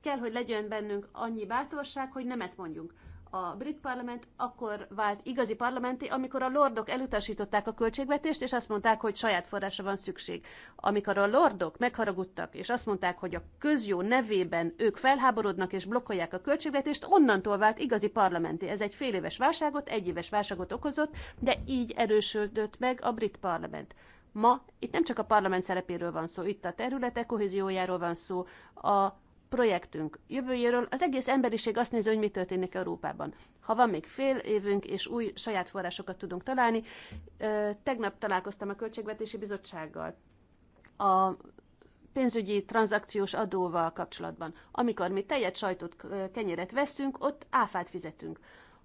kell, hogy legyen bennünk annyi bátorság, hogy nemet mondjunk a brit parlament akkor vált igazi parlamenti, amikor a lordok elutasították a költségvetést, és azt mondták, hogy saját forrásra van szükség. Amikor a lordok megharagudtak, és azt mondták, hogy a közjó nevében ők felháborodnak és blokkolják a költségvetést, onnantól vált igazi parlamenti. Ez egy fél éves válságot, egy éves válságot okozott, de így erősödött meg a brit parlament. Ma itt nem csak a parlament szerepéről van szó, itt a területek kohéziójáról van szó, a projektünk jövőjéről, az egész emberiség azt nézi, hogy mi történik Európában. Ha van még fél évünk, és új saját forrásokat tudunk találni, tegnap találkoztam a Költségvetési Bizottsággal. A pénzügyi tranzakciós adóval kapcsolatban. Amikor mi tejet, sajtot, kenyeret veszünk, ott áfát fizetünk.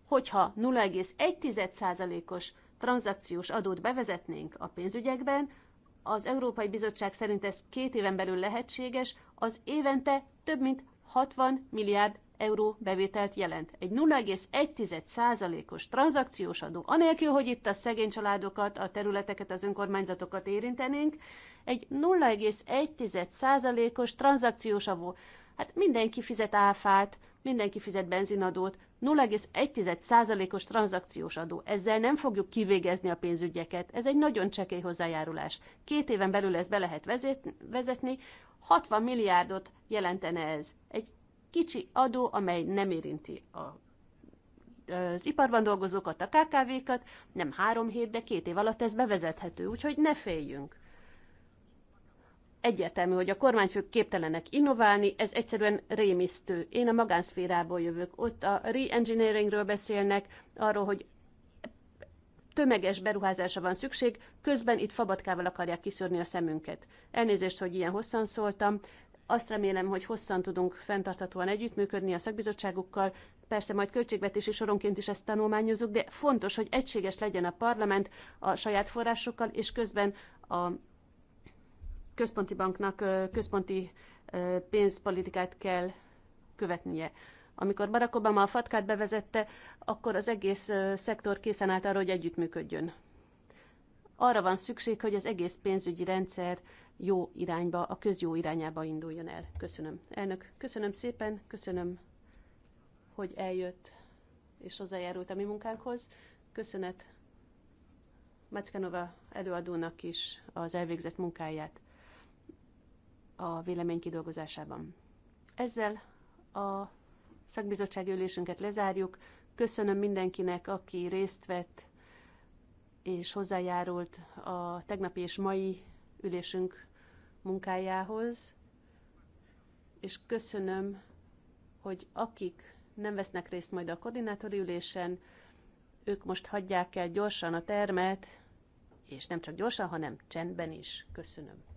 Hogyha 0,1%-os tranzakciós adót bevezetnénk a pénzügyekben, az Európai Bizottság szerint ez két éven belül lehetséges, az évente több mint 60 milliárd euró bevételt jelent. Egy 0,1%-os tranzakciós adó, anélkül, hogy itt a szegény családokat, a területeket, az önkormányzatokat érintenénk, egy 0,1%-os tranzakciós adó. Hát mindenki fizet áfát, mindenki fizet benzinadót, 0,1%-os tranzakciós adó. Ezzel nem fogjuk kivégezni a pénzügyeket. Ez egy nagyon csekély hozzájárulás. Két éven belül ezt be lehet vezetni. 60 milliárdot jelentene ez. Egy kicsi adó, amely nem érinti a az iparban dolgozókat, a KKV-kat, nem három hét, de két év alatt ez bevezethető, úgyhogy ne féljünk egyértelmű, hogy a kormányfők képtelenek innoválni, ez egyszerűen rémisztő. Én a magánszférából jövök. Ott a reengineeringről beszélnek, arról, hogy tömeges beruházásra van szükség, közben itt fabatkával akarják kiszörni a szemünket. Elnézést, hogy ilyen hosszan szóltam. Azt remélem, hogy hosszan tudunk fenntarthatóan együttműködni a szakbizottságukkal. Persze majd költségvetési soronként is ezt tanulmányozunk, de fontos, hogy egységes legyen a parlament a saját forrásokkal, és közben a központi banknak központi pénzpolitikát kell követnie. Amikor Barack Obama a fatkát bevezette, akkor az egész szektor készen állt arra, hogy együttműködjön. Arra van szükség, hogy az egész pénzügyi rendszer jó irányba, a közjó irányába induljon el. Köszönöm. Elnök, köszönöm szépen, köszönöm, hogy eljött és hozzájárult a mi munkánkhoz. Köszönet Mackanova előadónak is az elvégzett munkáját a vélemény kidolgozásában. Ezzel a szakbizottsági ülésünket lezárjuk. Köszönöm mindenkinek, aki részt vett és hozzájárult a tegnapi és mai ülésünk munkájához, és köszönöm, hogy akik nem vesznek részt majd a koordinátori ülésen, ők most hagyják el gyorsan a termet, és nem csak gyorsan, hanem csendben is. Köszönöm.